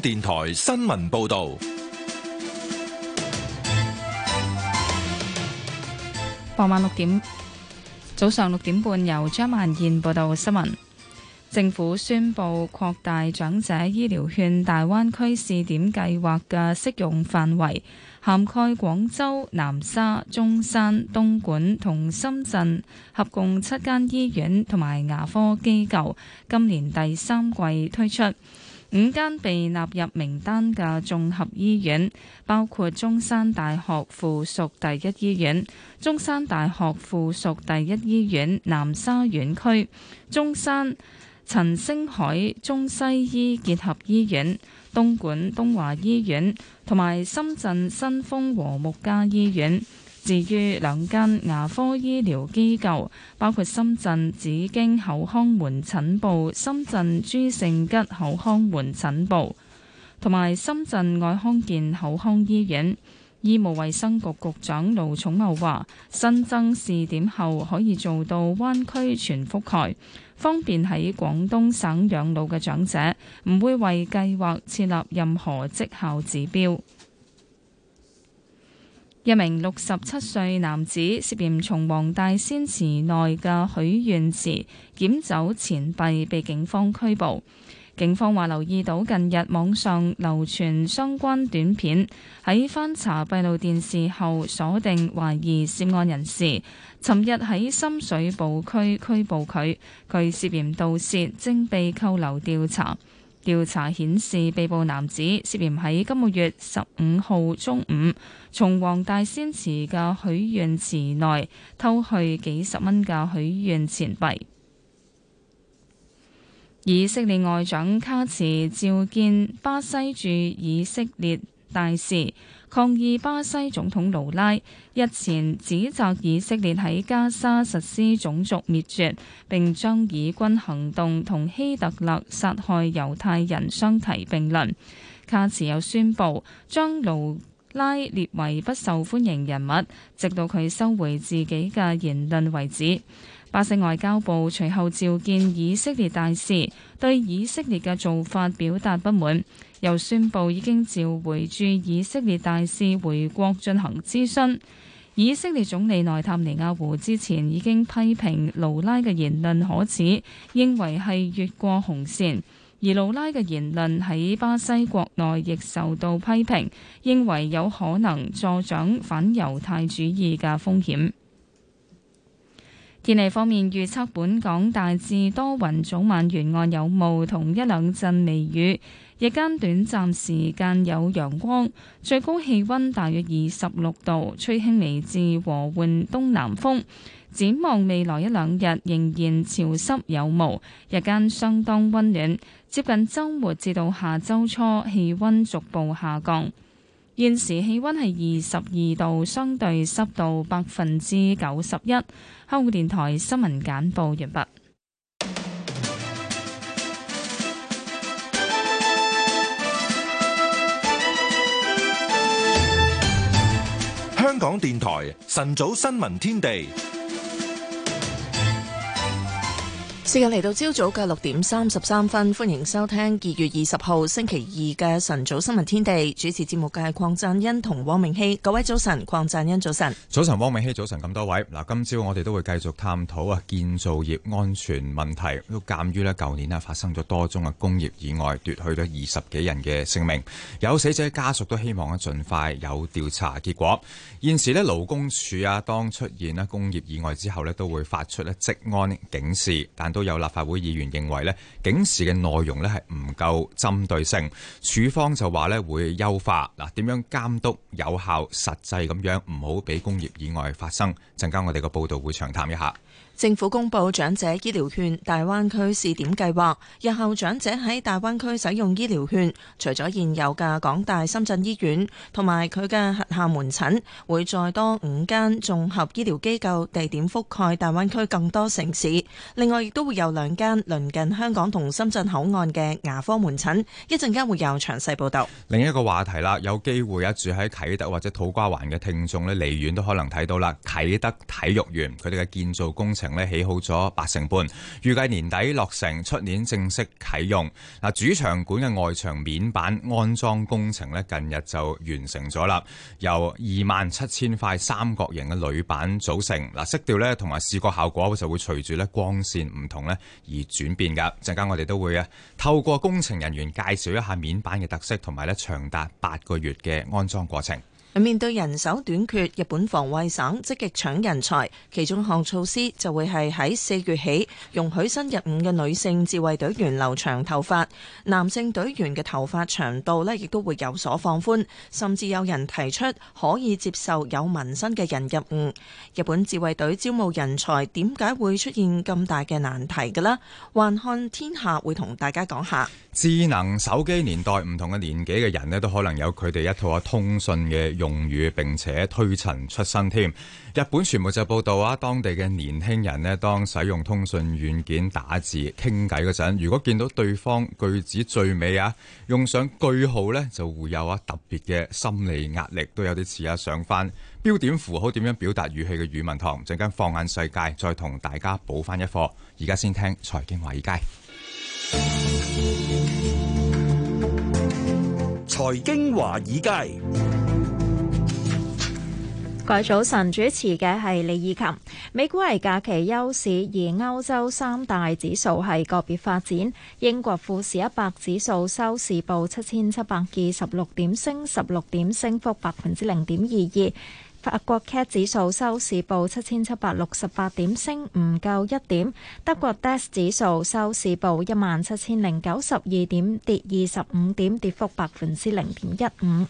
電台新聞報道，傍晚六點，早上六點半，由張萬燕報道新聞。政府宣布擴大長者醫療券大灣區試點計劃嘅適用範圍，涵蓋廣州、南沙、中山、東莞同深圳，合共七間醫院同埋牙科機構，今年第三季推出。五間被納入名單嘅綜合醫院，包括中山大學附屬第一醫院、中山大學附屬第一醫院南沙院區、中山陳星海中西醫結合醫院、東莞東華醫院同埋深圳新豐和睦家醫院。至於兩間牙科醫療機構，包括深圳紫荊口腔門診部、深圳朱聖吉口腔門診部，同埋深圳愛康健口腔醫院，醫務衛生局局長盧寵茂話：新增試點後可以做到灣區全覆蓋，方便喺廣東省養老嘅長者，唔會為計劃設立任何績效指標。一名六十七歲男子涉嫌從黃大仙祠內嘅許願池撿走錢幣，被警方拘捕。警方話留意到近日網上流傳相關短片，喺翻查閉路電視後鎖定懷疑涉案人士，尋日喺深水埗區拘捕佢。佢涉嫌盜竊，正被扣留調查。調查顯示，被捕男子涉嫌喺今個月十五號中午，從黃大仙祠嘅許願池內偷去幾十蚊嘅許願錢幣。以色列外長卡茨召見巴西駐以色列大使。抗議巴西總統盧拉日前指責以色列喺加沙實施種族滅絕，並將以軍行動同希特勒殺害猶太人相提並論。卡茨又宣布將盧拉列為不受歡迎人物，直到佢收回自己嘅言論為止。巴西外交部隨後召見以色列大使，對以色列嘅做法表達不滿。又宣布已經召回駐以色列大使回國進行諮詢。以色列總理內塔尼亞胡之前已經批評盧拉嘅言論可恥，認為係越過紅線。而盧拉嘅言論喺巴西國內亦受到批評，認為有可能助長反猶太主義嘅風險。天氣方面，預測本港大致多雲，早晚沿岸有霧，同一兩陣微雨。日間短暫時間有陽光，最高氣温大約二十六度，吹輕微至和緩東南風。展望未來一兩日仍然潮濕有霧，日間相當温暖。接近周末至到下周初氣温逐步下降。現時氣温係二十二度，相對濕度百分之九十一。香港電台新聞簡報完畢。香港電台晨早新聞天地。時間嚟到朝早嘅六點三十三分，歡迎收聽二月二十號星期二嘅晨早新聞天地。主持節目嘅係鄺振欣同汪明熙。各位早晨，鄺振欣早晨，早晨汪明熙早晨。咁多位嗱，今朝我哋都會繼續探討啊，建造業安全問題，都鑒於咧舊年啊發生咗多宗嘅工業意外，奪去咗二十幾人嘅性命，有死者家屬都希望咧盡快有調查結果。現時咧勞工處啊，當出現咧工業意外之後咧，都會發出咧職安警示，但，都有立法會議員認為咧，警示嘅內容咧係唔夠針對性。處方就話咧會優化嗱，點樣監督有效、實際咁樣，唔好俾工業意外發生。陣間我哋個報導會詳談一下。政府公布長者醫療券大灣區試點計劃，日後長者喺大灣區使用醫療券，除咗現有嘅港大深圳醫院同埋佢嘅轄下門診會再多五間綜合醫療機構，地點覆蓋大灣區更多城市。另外，亦都會有兩間鄰近香港同深圳口岸嘅牙科門診，一陣間會有詳細報道。另一個話題啦，有機會啊，住喺啟德或者土瓜灣嘅聽眾咧，離遠都可能睇到啦，啟德體育園佢哋嘅建造工程。起好咗八成半，預計年底落成，出年正式啟用。嗱，主場館嘅外牆面板安裝工程咧，近日就完成咗啦，由二萬七千塊三角形嘅鋁板組成。嗱，色調咧同埋視覺效果就會隨住咧光線唔同咧而轉變噶。陣間我哋都會啊，透過工程人員介紹一下面板嘅特色，同埋咧長達八個月嘅安裝過程。面對人手短缺，日本防衛省積極搶人才，其中一項措施就會係喺四月起容許新入伍嘅女性自衛隊員留長頭髮，男性隊員嘅頭髮長度呢亦都會有所放寬，甚至有人提出可以接受有紋身嘅人入伍。日本自衛隊招募人才點解會出現咁大嘅難題嘅呢？還看天下會同大家講下。智能手機年代，唔同嘅年紀嘅人呢，都可能有佢哋一套啊通訊嘅用。用語，並且推陳出新添。日本傳媒就報道啊，當地嘅年輕人咧,當使用通訊軟件打字傾偈嗰陣，如果見到對方句子最尾啊用上句號呢，就會有啊特別嘅心理壓力，都有啲似啊上翻標點符號點樣表達語氣嘅語文堂，陣間放眼世界，再同大家補翻一課。而家先聽財經華爾街，財經華爾街。各位早晨，主持嘅係李以琴。美股係假期休市，而歐洲三大指數係個別發展。英國富時一百指數收市報七千七百二十六點，升十六點，升幅百分之零點二二。法國 CAC 指數收市報七千七百六十八點，升唔夠一點，德國 DAX 指數收市報一萬七千零九十二點，跌二十五點，跌幅百分之零點一五。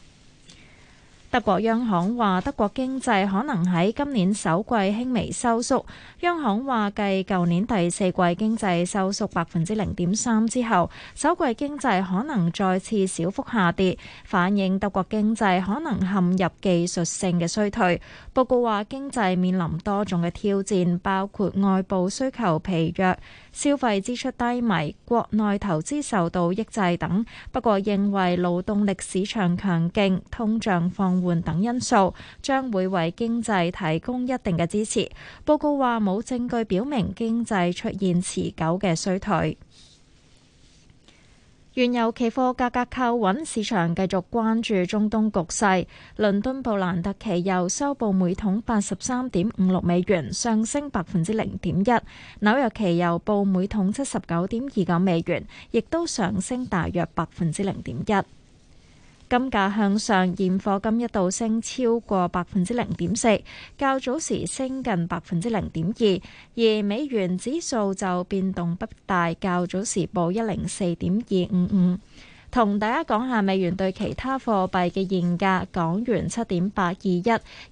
德國央行話，德國經濟可能喺今年首季輕微收縮。央行話，繼舊年第四季經濟收縮百分之零點三之後，首季經濟可能再次小幅下跌，反映德國經濟可能陷入技術性嘅衰退。報告話，經濟面臨多種嘅挑戰，包括外部需求疲弱。消費支出低迷、國內投資受到抑制等，不過認為勞動力市場強勁、通脹放緩等因素將會為經濟提供一定嘅支持。報告話，冇證據表明經濟出現持久嘅衰退。原油期貨價格靠穩，市場繼續關注中東局勢。倫敦布蘭特期油收報每桶八十三點五六美元，上升百分之零點一；紐約期油報每桶七十九點二九美元，亦都上升大約百分之零點一。金價向上，現貨金一度升超過百分之零點四，較早時升近百分之零點二，而美元指數就變動不大，較早時報一零四點二五五。同大家講下美元對其他貨幣嘅現價，港元七點八二一，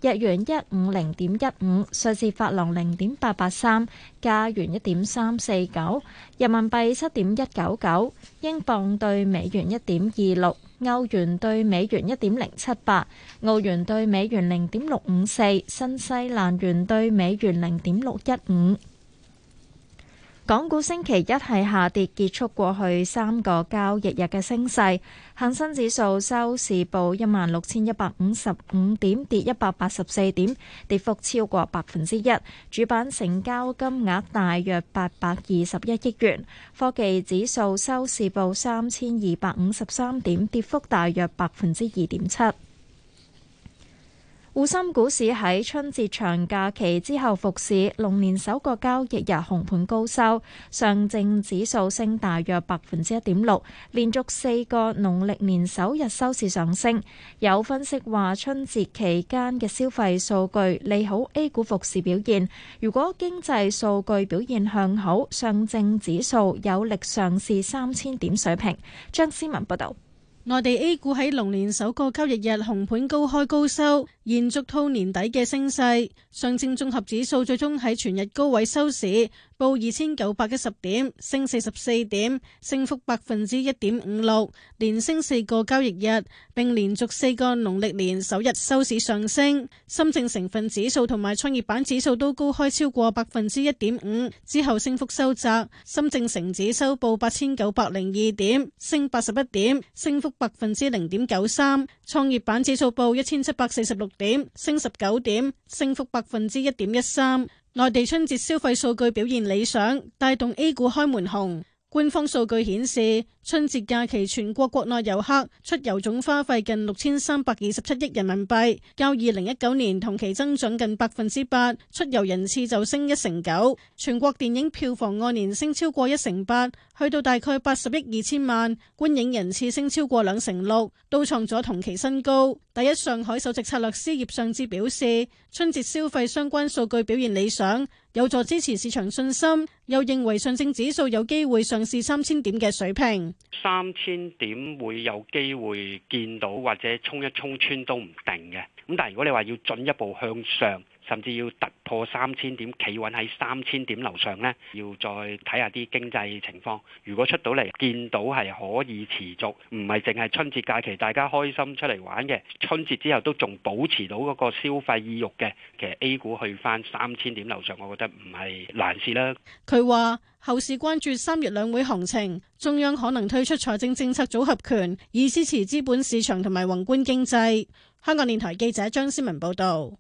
日元一五零點一五，瑞士法郎零點八八三，加元一點三四九，人民幣七點一九九，英鎊對美元一點二六，歐元對美元一點零七八，澳元對美元零點六五四，新西蘭元對美元零點六一五。港股星期一係下跌，結束過去三個交易日嘅升勢，恒生指數收市報一萬六千一百五十五點，跌一百八十四點，跌幅超過百分之一。主板成交金額大約八百二十一億元。科技指數收市報三千二百五十三點，跌幅大約百分之二點七。滬深股市喺春節長假期之後復市，龍年首個交易日紅盤高收，上證指數升大約百分之一點六，連續四個農曆年首日收市上升。有分析話，春節期間嘅消費數據利好 A 股復市表現，如果經濟數據表現向好，上證指數有力上試三千點水平。張思文報道。內地 A 股喺龍年首個交易日紅盤高開高收，延續到年底嘅升勢。上證綜合指數最終喺全日高位收市。報二千九百一十點，升四十四點，升幅百分之一點五六，連升四個交易日，並連續四個農曆年首日收市上升。深證成分指數同埋創業板指數都高開超過百分之一點五之後，升幅收窄。深證成指收報八千九百零二點，升八十一點，升幅百分之零點九三。創業板指數報一千七百四十六點，升十九點，升幅百分之一點一三。內地春節消費數據表現理想，帶動 A 股開門紅。官方數據顯示，春節假期全國國內遊客出遊總花費近六千三百二十七億人民幣，較二零一九年同期增長近百分之八，出遊人次就升一成九。全國電影票房按年升超過一成八，去到大概八十億二千萬，觀影人次升超過兩成六，都創咗同期新高。第一上海首席策略師葉尚志表示，春節消費相關數據表現理想，有助支持市場信心，又認為上證指數有機會上市三千點嘅水平。三千點會有機會見到，或者沖一沖穿都唔定嘅。咁但係如果你話要進一步向上，甚至要突破三千點，企穩喺三千點樓上咧，要再睇下啲經濟情況，如果出到嚟見到係可以持續，唔係淨係春節假期大家開心出嚟玩嘅，春節之後都仲保持到嗰個消費意欲嘅，其實 A 股去翻三千點樓上，我覺得唔係難事啦。佢話後市關注三月兩會行情，中央可能推出財政政策組合拳以支持資本市場同埋宏觀經濟，香港電台記者張思文報道。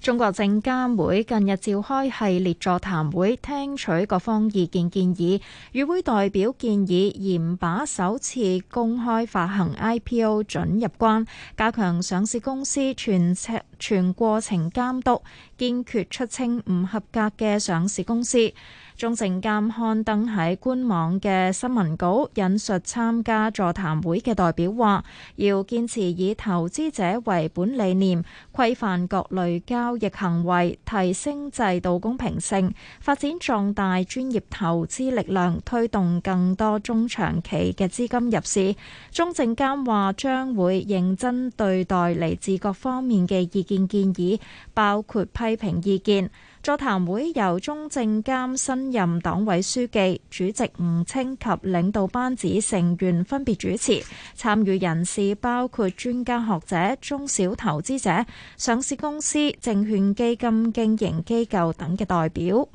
中國證監會近日召開系列座談會，聽取各方意見建議。與會代表建議嚴把首次公開發行 IPO 準入關，加強上市公司全尺全過程監督，堅決出清唔合格嘅上市公司。中證監刊登喺官網嘅新聞稿引述參加座談會嘅代表話，要堅持以投資者為本理念，規範各類交易行為，提升制度公平性，發展壯大專業投資力量，推動更多中長期嘅資金入市。中證監話將會認真對待嚟自各方面嘅意見建議，包括批評意見。座談會由中證監新任黨委書記、主席吳清及領導班子成員分別主持，參與人士包括專家學者、中小投資者、上市公司、證券基金經營機構等嘅代表。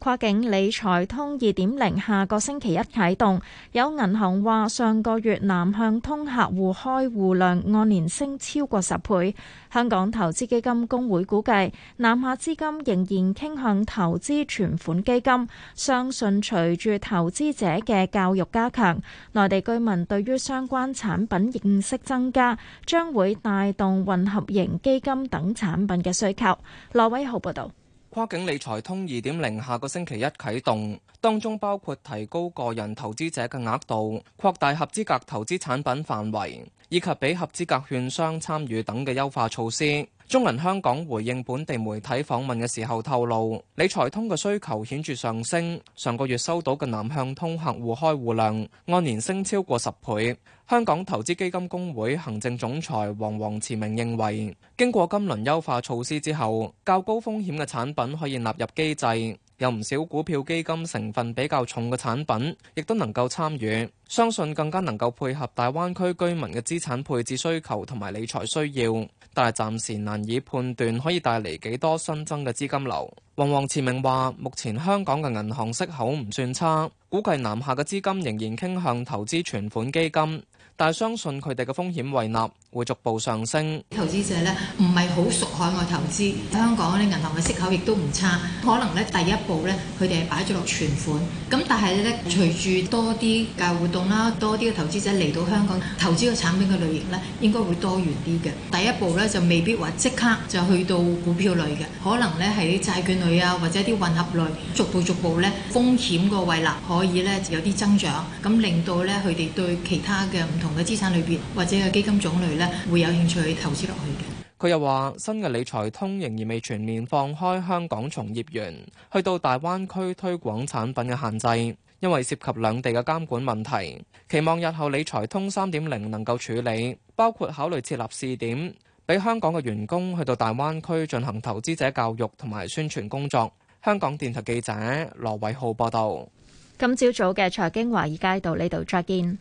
跨境理財通二點零下個星期一啟動，有銀行話上個月南向通客戶開戶量按年升超過十倍。香港投資基金公會估計南下資金仍然傾向投資存款基金，相信隨住投資者嘅教育加強，內地居民對於相關產品認識增加，將會帶動混合型基金等產品嘅需求。羅偉豪報道。跨境理財通二點零下個星期一啟動，當中包括提高個人投資者嘅額度、擴大合資格投資產品範圍，以及俾合資格券商參與等嘅優化措施。中銀香港回應本地媒體訪問嘅時候透露，理財通嘅需求顯著上升，上個月收到嘅南向通客戶開戶量按年升超過十倍。香港投資基金公會行政總裁黃黃慈明認為，經過今輪優化措施之後，較高風險嘅產品可以納入機制。有唔少股票基金成分比較重嘅產品，亦都能夠參與，相信更加能夠配合大灣區居民嘅資產配置需求同埋理財需要，但係暫時難以判斷可以帶嚟幾多新增嘅資金流。旺旺前明話目前香港嘅銀行息口唔算差，估計南下嘅資金仍然傾向投資存款基金。但係相信佢哋嘅風險胃納會逐步上升。投資者呢，唔係好熟海外投資，香港啲銀行嘅息口亦都唔差。可能呢第一步呢，佢哋係擺咗落存款。咁但係呢，隨住多啲嘅活動啦，多啲嘅投資者嚟到香港投資嘅產品嘅類型呢，應該會多元啲嘅。第一步呢，就未必話即刻就去到股票類嘅，可能呢係啲債券類啊，或者啲混合類，逐步逐步呢，風險個胃納可以呢有啲增長，咁令到呢，佢哋對其他嘅唔同嘅資產裏邊或者嘅基金種類呢，會有興趣投資落去嘅。佢又話：新嘅理財通仍然未全面放開香港從業員去到大灣區推廣產品嘅限制，因為涉及兩地嘅監管問題。期望日後理財通三點零能夠處理，包括考慮設立試點，俾香港嘅員工去到大灣區進行投資者教育同埋宣傳工作。香港電台記者羅偉浩報道。今朝早嘅財經華爾街到呢度再見。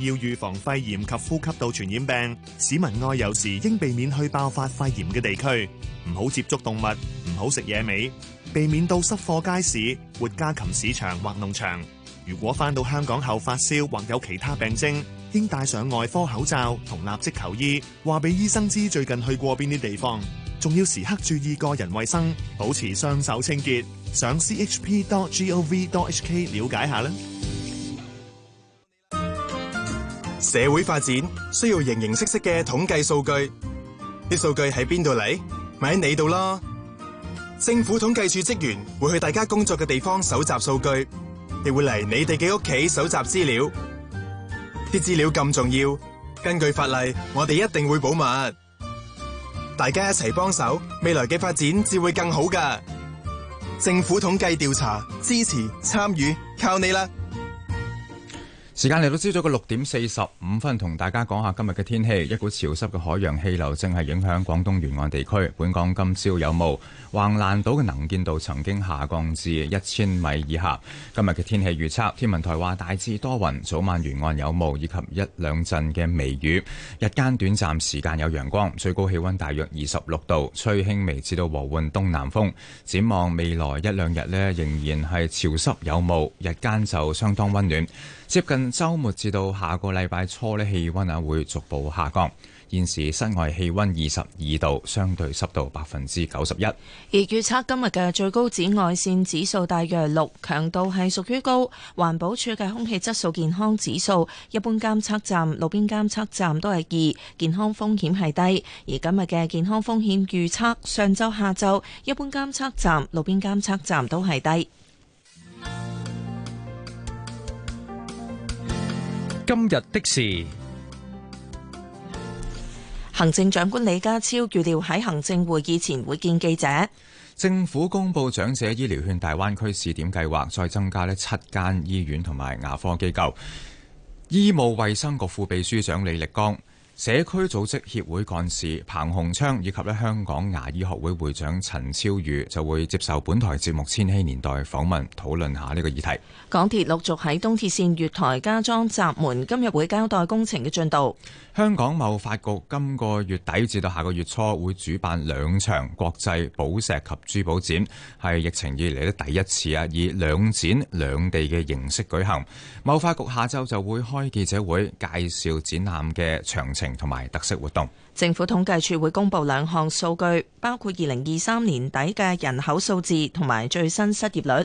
要預防肺炎及呼吸道傳染病，市民外遊時應避免去爆發肺炎嘅地區，唔好接觸動物，唔好食野味，避免到濕貨街市、活家禽市場或農場。如果翻到香港後發燒或有其他病徵，應戴上外科口罩同立即求醫，話俾醫生知最近去過邊啲地方，仲要時刻注意個人衛生，保持雙手清潔。上 chp.gov.hk 了解下啦。社會發展需要形形色色嘅統計數據，啲數據喺邊度嚟？咪喺你度囉！政府統計處職員會去大家工作嘅地方搜集數據，亦會嚟你哋嘅屋企搜集資料。啲資料咁重要，根據法例，我哋一定會保密。大家一齊幫手，未來嘅發展至會更好噶！政府統計調查，支持參與，靠你啦！時間嚟到朝早嘅六點四十五分，同大家講下今日嘅天氣。一股潮濕嘅海洋氣流正係影響廣東沿岸地區，本港今朝有霧，橫瀾島嘅能見度曾經下降至一千米以下。今日嘅天氣預測，天文台話大致多雲，早晚沿岸有霧以及一兩陣嘅微雨，日間短暫時間有陽光，最高氣温大約二十六度，吹輕微至到和緩東南風。展望未來一兩日呢，仍然係潮濕有霧，日間就相當温暖。接近周末至到下個禮拜初呢，氣溫啊會逐步下降。現時室外氣溫二十二度，相對濕度百分之九十一。而預測今日嘅最高紫外線指數大約六，強度係屬於高。環保署嘅空氣質素健康指數，一般監測站、路邊監測站都係二，健康風險係低。而今日嘅健康風險預測，上晝、下晝，一般監測站、路邊監測站都係低。今日的事，行政長官李家超預料喺行政會議前會見記者。政府公布長者醫療券大灣區試點計劃，再增加咧七間醫院同埋牙科機構。醫務衛生局副秘書長李力剛。社區組織協會幹事彭洪昌以及咧香港牙醫學會會長陳超宇就會接受本台節目《千禧年代》訪問，討論下呢個議題。港鐵陸續喺東鐵線月台加裝閘門，今日會交代工程嘅進度。香港貿發局今個月底至到下個月初會主辦兩場國際寶石及珠寶展，係疫情以嚟咧第一次啊，以兩展兩地嘅形式舉行。貿發局下週就會開記者會介紹展覽嘅詳情同埋特色活動。政府統計處會公布兩項數據，包括二零二三年底嘅人口數字同埋最新失業率。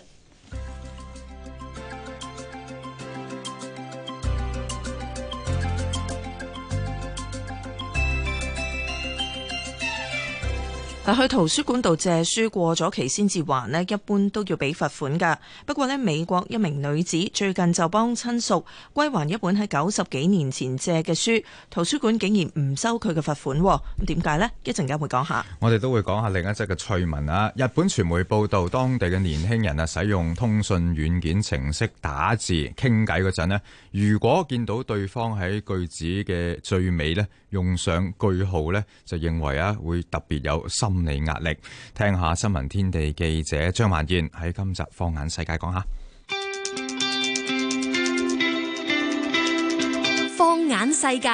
係去圖書館度借書過咗期先至還咧，一般都要俾罰款噶。不過呢，美國一名女子最近就幫親屬歸還一本喺九十幾年前借嘅書，圖書館竟然唔收佢嘅罰款。咁點解呢？一陣間會講下。我哋都會講下另一則嘅趣聞啊。日本傳媒報道，當地嘅年輕人啊，使用通訊軟件程式打字傾偈嗰陣呢。如果見到對方喺句子嘅最尾呢，用上句號呢就認為啊會特別有心理壓力。聽下新聞天地記者張萬燕喺今集《放眼世界》講下《放眼世界》。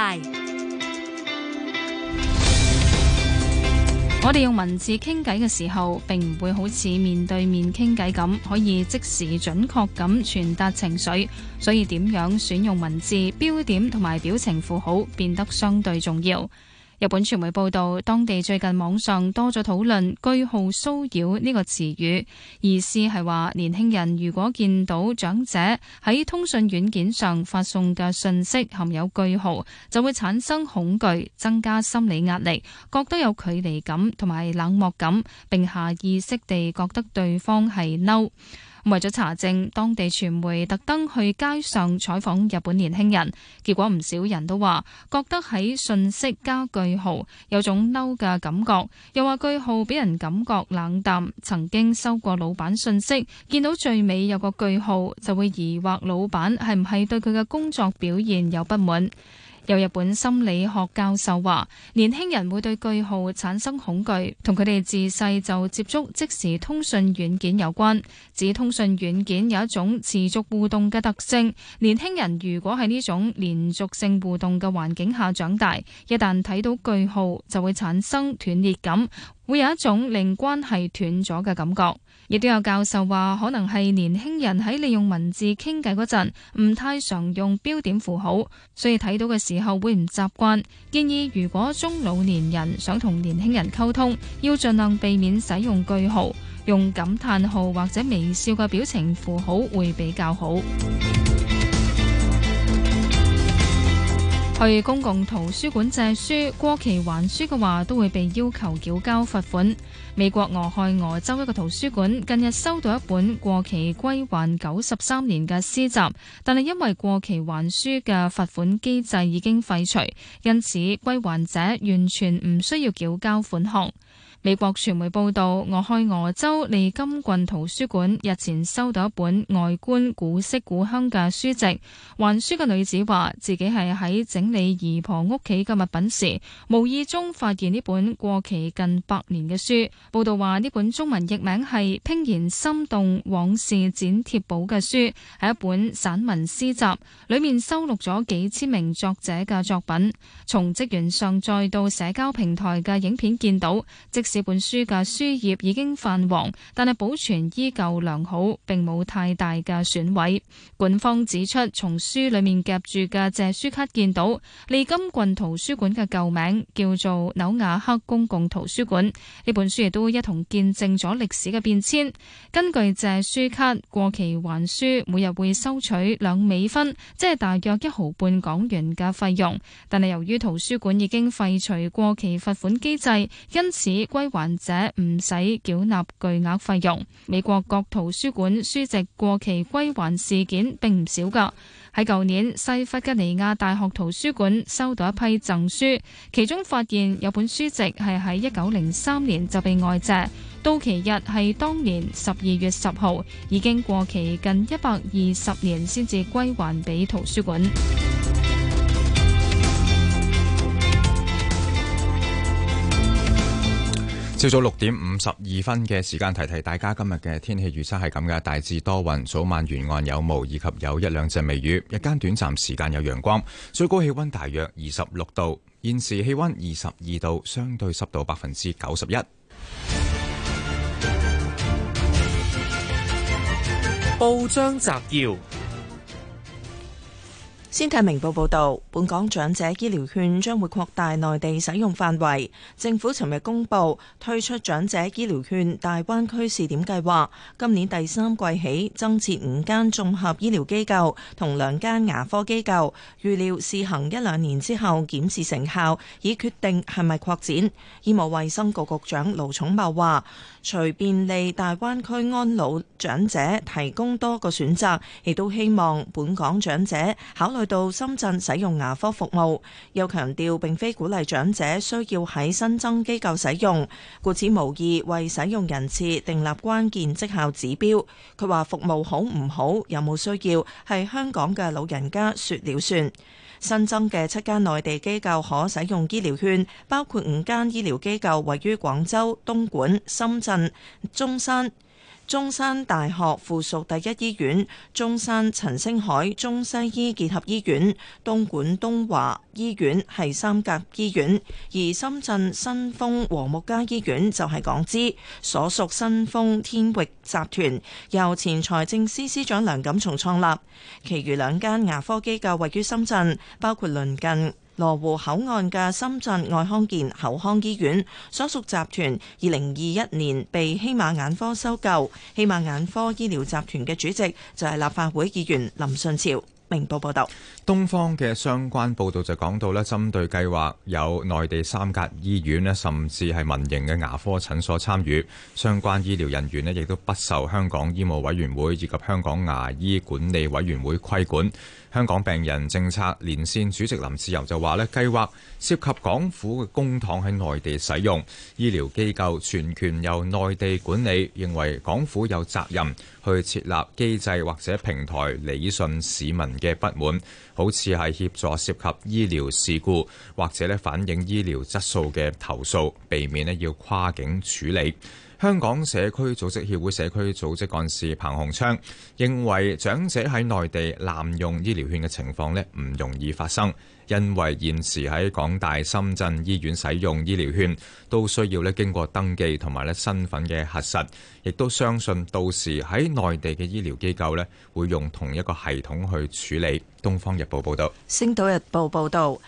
我哋用文字傾偈嘅時候，並唔會好似面對面傾偈咁，可以即時準確咁傳達情緒，所以點樣選用文字、標點同埋表情符號變得相對重要。日本傳媒報道，當地最近網上多咗討論句號騷擾呢個詞語，意思係話年輕人如果見到長者喺通訊軟件上發送嘅信息含有句號，就會產生恐懼，增加心理壓力，覺得有距離感同埋冷漠感，並下意識地覺得對方係嬲。為咗查證，當地傳媒特登去街上採訪日本年輕人，結果唔少人都話覺得喺信息加句號有種嬲嘅感覺，又話句號俾人感覺冷淡。曾經收過老闆信息，見到最尾有個句號，就會疑惑老闆係唔係對佢嘅工作表現有不滿。有日本心理學教授話，年輕人會對句號產生恐懼，同佢哋自細就接觸即時通訊軟件有關。指通訊軟件有一種持續互動嘅特性，年輕人如果喺呢種連續性互動嘅環境下長大，一旦睇到句號，就會產生斷裂感。會有一種令關係斷咗嘅感覺。亦都有教授話，可能係年輕人喺利用文字傾偈嗰陣唔太常用標點符號，所以睇到嘅時候會唔習慣。建議如果中老年人想同年輕人溝通，要盡量避免使用句號，用感嘆號或者微笑嘅表情符號會比較好。去公共圖書館借書過期還書嘅話，都會被要求繳交罰款。美國俄亥俄州一個圖書館近日收到一本過期歸還九十三年嘅詩集，但係因為過期還書嘅罰款機制已經廢除，因此歸還者完全唔需要繳交款項。美國傳媒報道，俄亥俄州利金郡圖書館日前收到一本外觀古色古香嘅書籍。還書嘅女子話，自己係喺整理姨婆屋企嘅物品時，無意中發現呢本過期近百年嘅書。報道話，呢本中文譯名係《怦然心動往事剪貼簿》嘅書，係一本散文詩集，裏面收錄咗幾千名作者嘅作品。從職員上載到社交平台嘅影片見到，直。這本書嘅書頁已經泛黃，但係保存依舊良好，並冇太大嘅損毀。館方指出，從書裏面夾住嘅借書卡見到，利金郡圖書館嘅舊名叫做紐瓦克公共圖書館。呢本書亦都一同見證咗歷史嘅變遷。根據借書卡，過期還書每日會收取兩美分，即係大約一毫半港元嘅費用。但係由於圖書館已經廢除過期罰款機制，因此。歸還者唔使繳納巨額費用。美國各圖書館書籍過期歸還事件並唔少噶。喺舊年，西弗吉尼亞大學圖書館收到一批贈書，其中發現有本書籍係喺一九零三年就被外借，到期日係當年十二月十號，已經過期近一百二十年，先至歸還俾圖書館。朝早六點五十二分嘅時間，提提大家今日嘅天氣預測係咁嘅，大致多雲，早晚沿岸有霧，以及有一兩陣微雨，日間短暫時間有陽光，最高氣溫大約二十六度，現時氣溫二十二度，相對濕度百分之九十一。報章摘要。先睇明報報道，本港長者醫療券將會擴大內地使用範圍。政府尋日公布推出長者醫療券大灣區試點計劃，今年第三季起增設五間綜合醫療機構同兩間牙科機構，預料試行一兩年之後檢視成效，以決定係咪擴展。醫務衛生局局長盧寵茂話，除便利大灣區安老長者提供多個選擇，亦都希望本港長者考慮。去到深圳使用牙科服務，又強調並非鼓勵長者需要喺新增機構使用，故此無意為使用人次訂立關鍵績效指標。佢話服務好唔好，有冇需要，係香港嘅老人家說了算。新增嘅七間內地機構可使用醫療券，包括五間醫療機構位於廣州、東莞、深圳、中山。中山大學附屬第一醫院、中山陳星海中西醫結合醫院、東莞東華醫院係三甲醫院，而深圳新豐和睦家醫院就係港資所屬新豐天域集團，由前財政司司長梁錦松創立。其餘兩間牙科機構位於深圳，包括鄰近羅湖口岸嘅深圳愛康健口腔醫院所屬集團，二零二一年被希瑪眼科收購。希瑪眼科醫療集團嘅主席就係立法會議員林順潮。明報報道，東方嘅相關報道就講到呢，針對計劃有內地三甲醫院呢，甚至係民營嘅牙科診所參與，相關醫療人員呢亦都不受香港醫務委員會以及香港牙醫管理委員會規管。香港病人政策連線主席林志由就話咧，計劃涉及港府嘅公帑喺內地使用，醫療機構全權由內地管理，認為港府有責任去設立機制或者平台，理順市民嘅不滿，好似係協助涉及醫療事故或者咧反映醫療質素嘅投訴，避免咧要跨境處理。香港社區組織協會社區組織幹事彭洪昌認為，長者喺內地濫用醫療券嘅情況咧唔容易發生，因為現時喺港大深圳醫院使用醫療券都需要咧經過登記同埋咧身份嘅核實，亦都相信到時喺內地嘅醫療機構咧會用同一個系統去處理。《東方日報》報導，《星島日報》報道。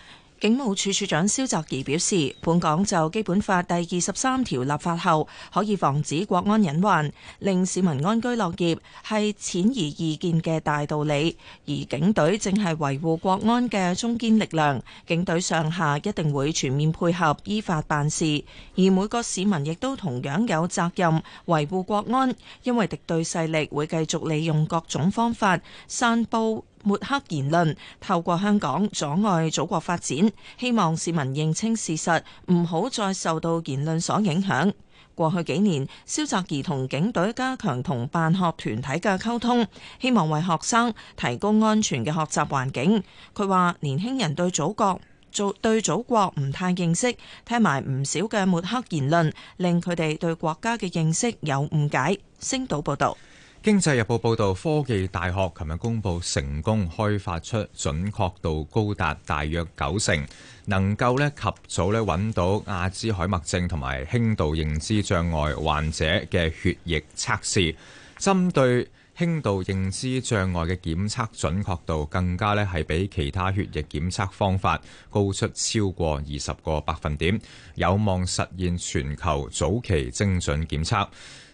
警務處處長蕭澤頤表示，本港就《基本法》第二十三條立法後，可以防止國安隱患，令市民安居樂業，係淺而易見嘅大道理。而警隊正係維護國安嘅中堅力量，警隊上下一定會全面配合，依法辦事。而每個市民亦都同樣有責任維護國安，因為敵對勢力會繼續利用各種方法散布。抹黑言論，透過香港阻礙祖國發展，希望市民認清事實，唔好再受到言論所影響。過去幾年，蕭澤頤同警隊加強同辦學團體嘅溝通，希望為學生提供安全嘅學習環境。佢話：年輕人對祖國做對祖國唔太認識，聽埋唔少嘅抹黑言論，令佢哋對國家嘅認識有誤解。星島報道。經濟日報報導，科技大學琴日公布成功開發出準確度高達大約九成，能夠咧及早咧揾到阿茲海默症同埋輕度認知障礙患者嘅血液測試。針對輕度認知障礙嘅檢測準確度更加咧係比其他血液檢測方法高出超過二十個百分點，有望實現全球早期精準檢測。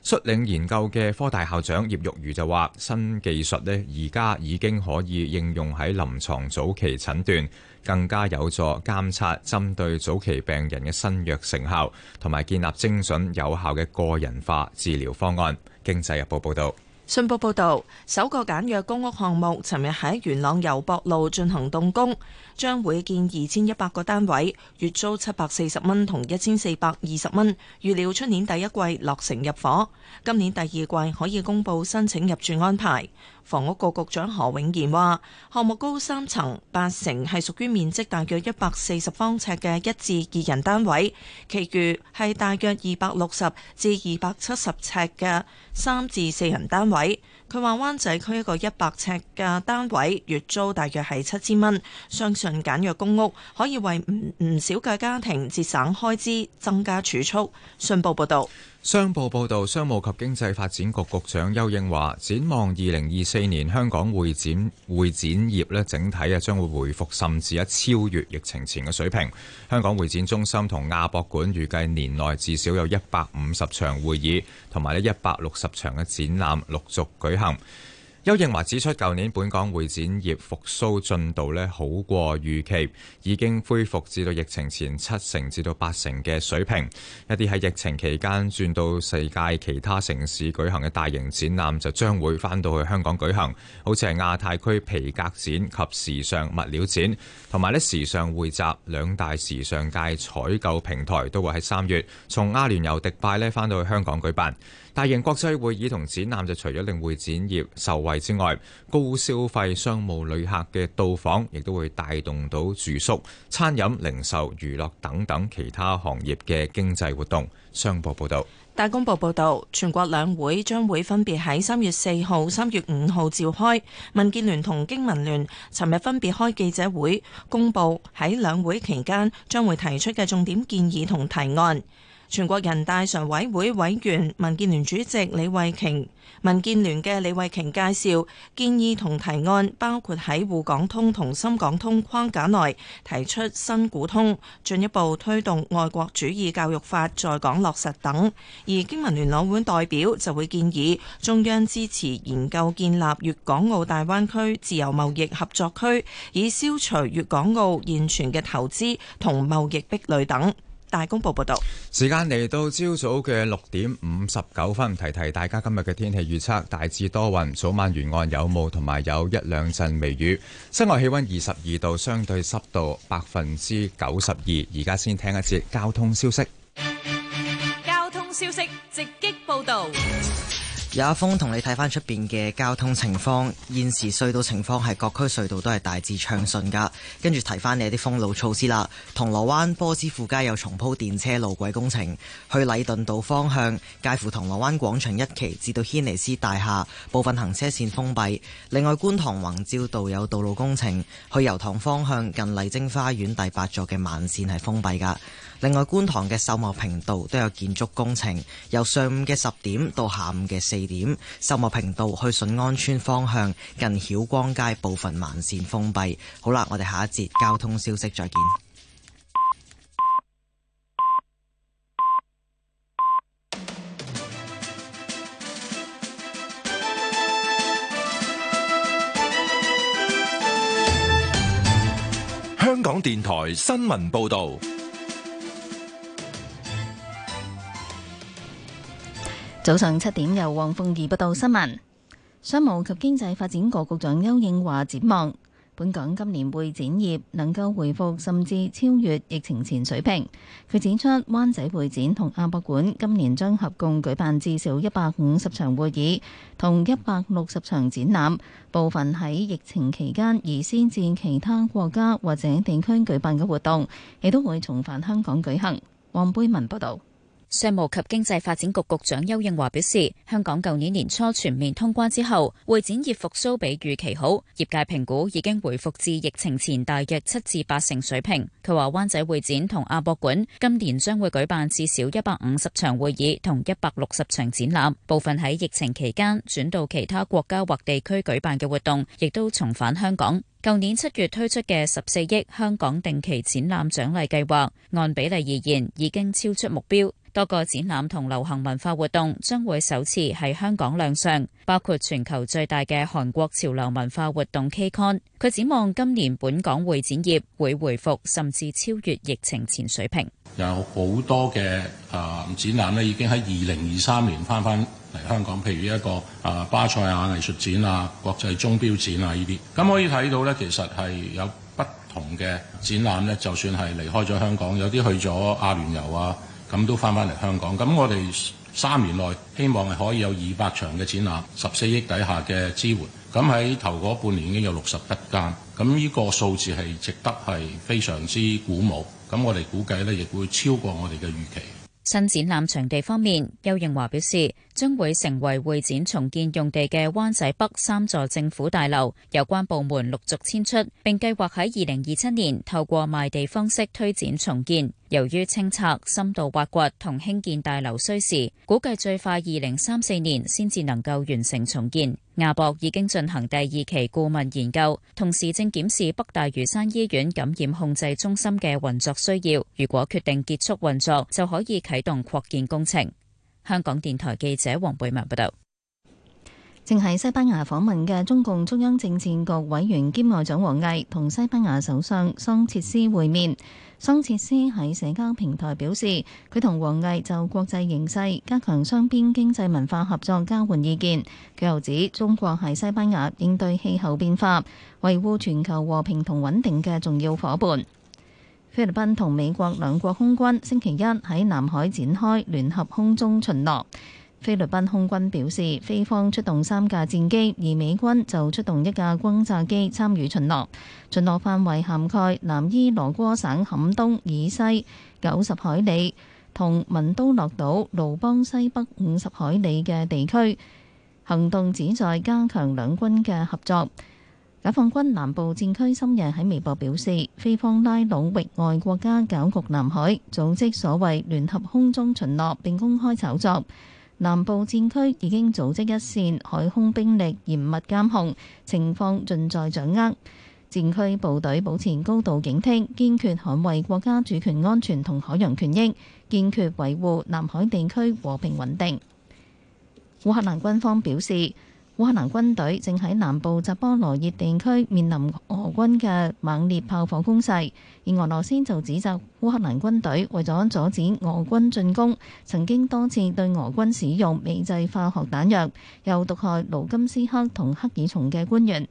率領研究嘅科大校長葉玉如就話：新技術咧，而家已經可以應用喺臨床早期診斷，更加有助監察針對早期病人嘅新藥成效，同埋建立精準有效嘅個人化治療方案。經濟日報報道。信報報導，首個簡約公屋項目尋日喺元朗油博路進行動工，將會建二千一百個單位，月租七百四十蚊同一千四百二十蚊，預料出年第一季落成入伙，今年第二季可以公布申請入住安排。房屋局局長何永賢話，項目高三層，八成係屬於面積大約一百四十方尺嘅一至二人單位，其餘係大約二百六十至二百七十尺嘅三至四人單位。佢話灣仔區一個一百尺嘅單位月租大約係七千蚊，相信簡約公屋可以為唔唔少嘅家庭節省開支，增加儲蓄。信報報道。商報報導，商務及經濟發展局局長邱應樺展望二零二四年香港會展會展業咧，整體啊將會恢復，甚至一超越疫情前嘅水平。香港會展中心同亞博館預計年內至少有一百五十場會議，同埋咧一百六十場嘅展覽陸續舉行。邱應華指出，舊年本港會展業復蘇進度呢好過預期，已經恢復至到疫情前七成至到八成嘅水平。一啲喺疫情期間轉到世界其他城市舉行嘅大型展覽，就將會返到去香港舉行。好似係亞太區皮革展及時尚物料展，同埋呢時尚匯集兩大時尚界採購平台，都會喺三月從阿聯酋迪拜呢返到去香港舉辦。大型國際會議同展覽就除咗令會展業受惠之外，高消費商務旅客嘅到訪，亦都會帶動到住宿、餐飲、零售、娛樂等等其他行業嘅經濟活動。商報報導，大公報報道：全國兩會將會分別喺三月四號、三月五號召開。民建聯同經民聯尋日分別開記者會，公布喺兩會期間將會提出嘅重點建議同提案。全國人大常委會委員、民建聯主席李慧瓊，民建聯嘅李慧瓊介紹建議同提案，包括喺滬港通同深港通框架內提出新股通，進一步推動愛國主義教育法在港落實等；而經民聯兩會代表就會建議中央支持研究建立粵港澳大灣區自由貿易合作區，以消除粵港澳現存嘅投資同貿易壁壘等。大公報報道，時間嚟到朝早嘅六點五十九分，提提大家今日嘅天氣預測，大致多雲，早晚沿岸有霧，同埋有，有一兩陣微雨。室外氣溫二十二度，相對濕度百分之九十二。而家先聽一次交通消息。交通消息直擊報道。有一封同你睇翻出邊嘅交通情況，現時隧道情況係各區隧道都係大致暢順㗎。跟住提翻你啲封路措施啦。銅鑼灣波斯富街有重鋪電車路軌工程，去禮頓道方向介乎銅鑼灣廣場一期至到軒尼斯大廈部分行車線封閉。另外，觀塘宏照道有道路工程，去油塘方向近麗晶花園第八座嘅慢線係封閉㗎。另外，觀塘嘅秀茂坪道都有建築工程，由上午嘅十點到下午嘅四點，秀茂坪道去順安邨方向近曉光街部分慢線封閉。好啦，我哋下一節交通消息，再見。香港電台新聞報導。早上七點由黃鳳儀報道新聞。商務及經濟發展局局長邱應華展望，本港今年會展業能夠回復甚至超越疫情前水平。佢展出，灣仔會展同亞博館今年將合共舉辦至少一百五十場會議，同一百六十場展覽。部分喺疫情期間而先至其他國家或者地區舉辦嘅活動，亦都會重返香港舉行。黃貝文報道。商務及經濟發展局局長邱應華表示，香港舊年年初全面通關之後，會展業復甦比預期好，業界評估已經回復至疫情前大約七至八成水平。佢話灣仔會展同亞博館今年將會舉辦至少一百五十場會議同一百六十場展覽，部分喺疫情期間轉到其他國家或地區舉辦嘅活動，亦都重返香港。舊年七月推出嘅十四億香港定期展覽獎勵計劃，按比例而言已經超出目標。多個展覽同流行文化活動將會首次喺香港亮相，包括全球最大嘅韓國潮流文化活動 KCON。佢展望今年本港會展業會回復甚至超越疫情前水平。有好多嘅啊展覽咧，已經喺二零二三年翻翻嚟香港，譬如一個啊巴塞亞藝術展啊、國際鐘錶展啊呢啲，咁可以睇到咧，其實，係有不同嘅展覽咧，就算係離開咗香港，有啲去咗阿聯酋啊。咁都翻返嚟香港，咁我哋三年內希望係可以有二百場嘅展覽，十四億底下嘅支援。咁喺頭嗰半年已經有六十一間，咁呢個數字係值得係非常之鼓舞。咁我哋估計咧，亦會超過我哋嘅預期。新展覽場地方面，丘應樺表示，將會成為會展重建用地嘅灣仔北三座政府大樓，有關部門陸續遷出，並計劃喺二零二七年透過賣地方式推展重建。由於清拆、深度挖掘同興建大樓需時，估計最快二零三四年先至能夠完成重建。亞博已經進行第二期顧問研究，同時正檢視北大嶼山醫院感染控制中心嘅運作需要。如果決定結束運作，就可以啟動擴建工程。香港電台記者黃貝文報道。正喺西班牙訪問嘅中共中央政治局委員兼外長王毅同西班牙首相桑切斯會面。桑切斯喺社交平台表示，佢同王毅就國際形勢、加強雙邊經濟文化合作交換意見。佢又指，中國係西班牙應對氣候變化、維護全球和平同穩定嘅重要夥伴。菲律賓同美國兩國空軍星期一喺南海展開聯合空中巡邏。菲律賓空軍表示，菲方出動三架戰機，而美軍就出動一架轟炸機參與巡邏。巡邏範圍涵蓋南伊羅戈省坎東以西九十海里，同民都洛島盧邦西北五十海里嘅地區。行動旨在加強兩軍嘅合作。解放軍南部戰區深夜喺微博表示，菲方拉攏域外國家攪局南海，組織所謂聯合空中巡邏，並公開炒作。南部戰區已經組織一線海空兵力嚴密監控，情況盡在掌握。戰區部隊保持高度警惕，堅決捍衛國家主權安全同海洋權益，堅決維護南海地區和平穩定。烏克蘭軍方表示，烏克蘭軍隊正喺南部扎波羅熱地區面臨俄軍嘅猛烈炮火攻勢，而俄羅斯就指責烏克蘭軍隊為咗阻止俄軍進攻，曾經多次對俄軍使用美製化學彈藥，又毒害盧金斯克同克爾松嘅官員。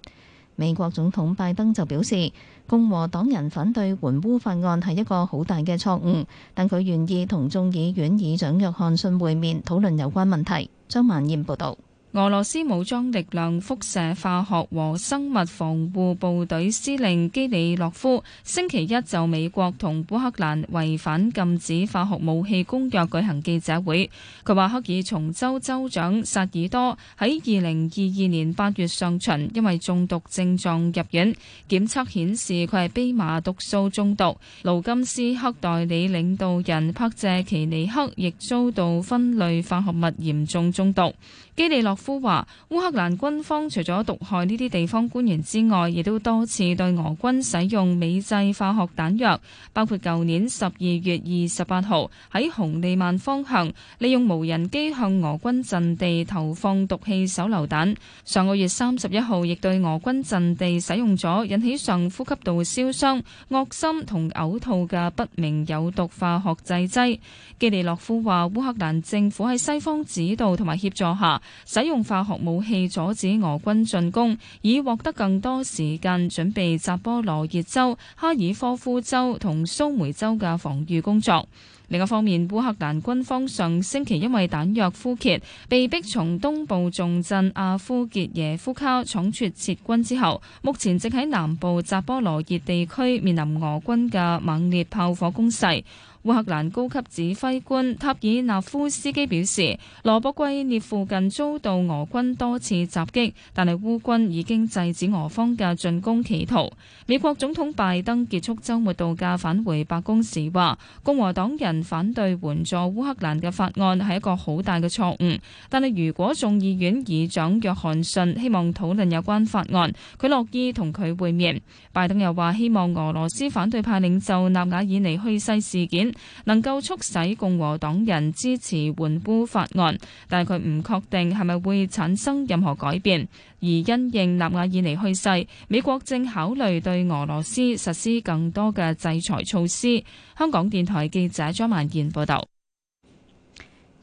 美國總統拜登就表示，共和黨人反對援烏法案係一個好大嘅錯誤，但佢願意同眾議院議長約翰遜會面討論有關問題。張萬燕報導。俄羅斯武裝力量輻射化學和生物防護部隊司令基里洛夫星期一就美國同烏克蘭違反禁止化學武器公約舉行記者會。佢話，克爾松州州長薩爾多喺二零二二年八月上旬因為中毒症狀入院，檢測顯示佢係蓖麻毒素中毒。盧金斯克代理領導人帕謝奇尼克亦遭到分類化學物嚴重中毒。基利洛夫話：烏克蘭軍方除咗毒害呢啲地方官員之外，亦都多次對俄軍使用美製化學彈藥，包括舊年十二月二十八號喺紅利曼方向利用無人機向俄軍陣地投放毒氣手榴彈。上個月三十一號，亦對俄軍陣地使用咗引起上呼吸道燒傷、噁心同嘔吐嘅不明有毒化學製劑。基利洛夫話：烏克蘭政府喺西方指導同埋協助下，使用化學武器阻止俄軍進攻，以獲得更多時間準備扎波羅熱州、哈爾科夫州同蘇梅州嘅防禦工作。另一方面，烏克蘭軍方上星期因為彈藥枯竭，被逼從東部重鎮阿夫傑耶夫卡倉促撤軍之後，目前正喺南部扎波羅熱地區面臨俄軍嘅猛烈炮火攻勢。烏克蘭高級指揮官塔爾納夫斯基表示，羅博季涅附近遭到俄軍多次襲擊，但係烏軍已經制止俄方嘅進攻企圖。美國總統拜登結束周末度假返回白宮時話，共和黨人反對援助烏克蘭嘅法案係一個好大嘅錯誤。但係如果眾議院議長約翰遜希望討論有關法案，佢樂意同佢會面。拜登又話，希望俄羅斯反對派領袖納瓦爾尼去世事件。能夠促使共和黨人支持援烏法案，但佢唔確定係咪會產生任何改變。而因應納瓦爾尼去世，美國正考慮對俄羅斯實施更多嘅制裁措施。香港電台記者張曼賢報道。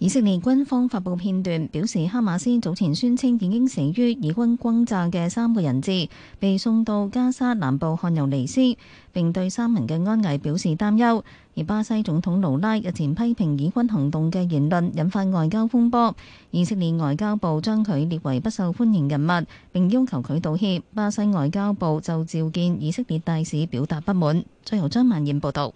以色列軍方發布片段，表示哈馬斯早前宣稱已經死於以軍轟炸嘅三個人質被送到加沙南部漢尤尼斯，並對三名嘅安危表示擔憂。而巴西總統盧拉日前批評以軍行動嘅言論，引發外交風波。以色列外交部將佢列為不受歡迎人物，並要求佢道歉。巴西外交部就召見以色列大使，表達不滿。最後由張萬燕報導。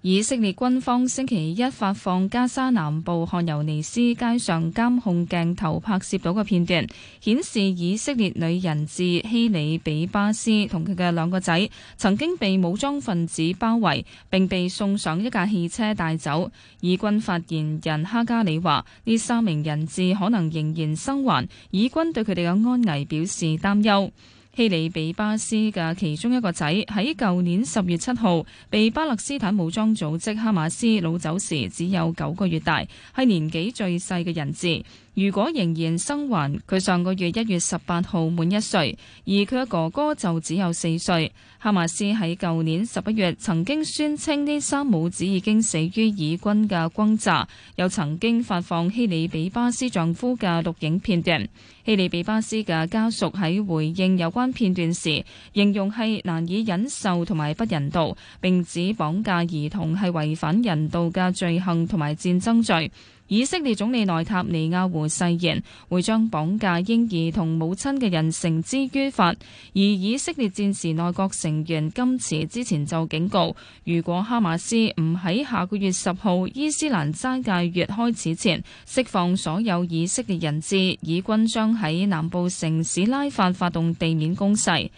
以色列軍方星期一發放加沙南部汗尤尼斯街上監控鏡頭拍攝到嘅片段，顯示以色列女人質希里比巴斯同佢嘅兩個仔曾經被武裝分子包圍，並被送上一架汽車帶走。以軍發言人哈加里話：呢三名人質可能仍然生還，以軍對佢哋嘅安危表示擔憂。希里比巴斯嘅其中一個仔喺舊年十月七號被巴勒斯坦武裝組織哈馬斯擄走時，只有九個月大，係年紀最細嘅人質。如果仍然生還，佢上個月一月十八號滿一歲，而佢嘅哥哥就只有四歲。哈馬斯喺舊年十一月曾經宣稱呢三母子已經死於以軍嘅轟炸，又曾經發放希里比巴斯丈夫嘅錄影片段。希里比巴斯嘅家屬喺回應有關片段時，形容係難以忍受同埋不人道，並指綁架兒童係違反人道嘅罪行同埋戰爭罪。以色列總理內塔尼亞胡誓言會將綁架嬰兒同母親嘅人繩之於法，而以色列戰時內閣成員今次之前就警告，如果哈馬斯唔喺下個月十號伊斯蘭齋戒月開始前釋放所有以色列人質，以軍將喺南部城市拉法發動地面攻勢。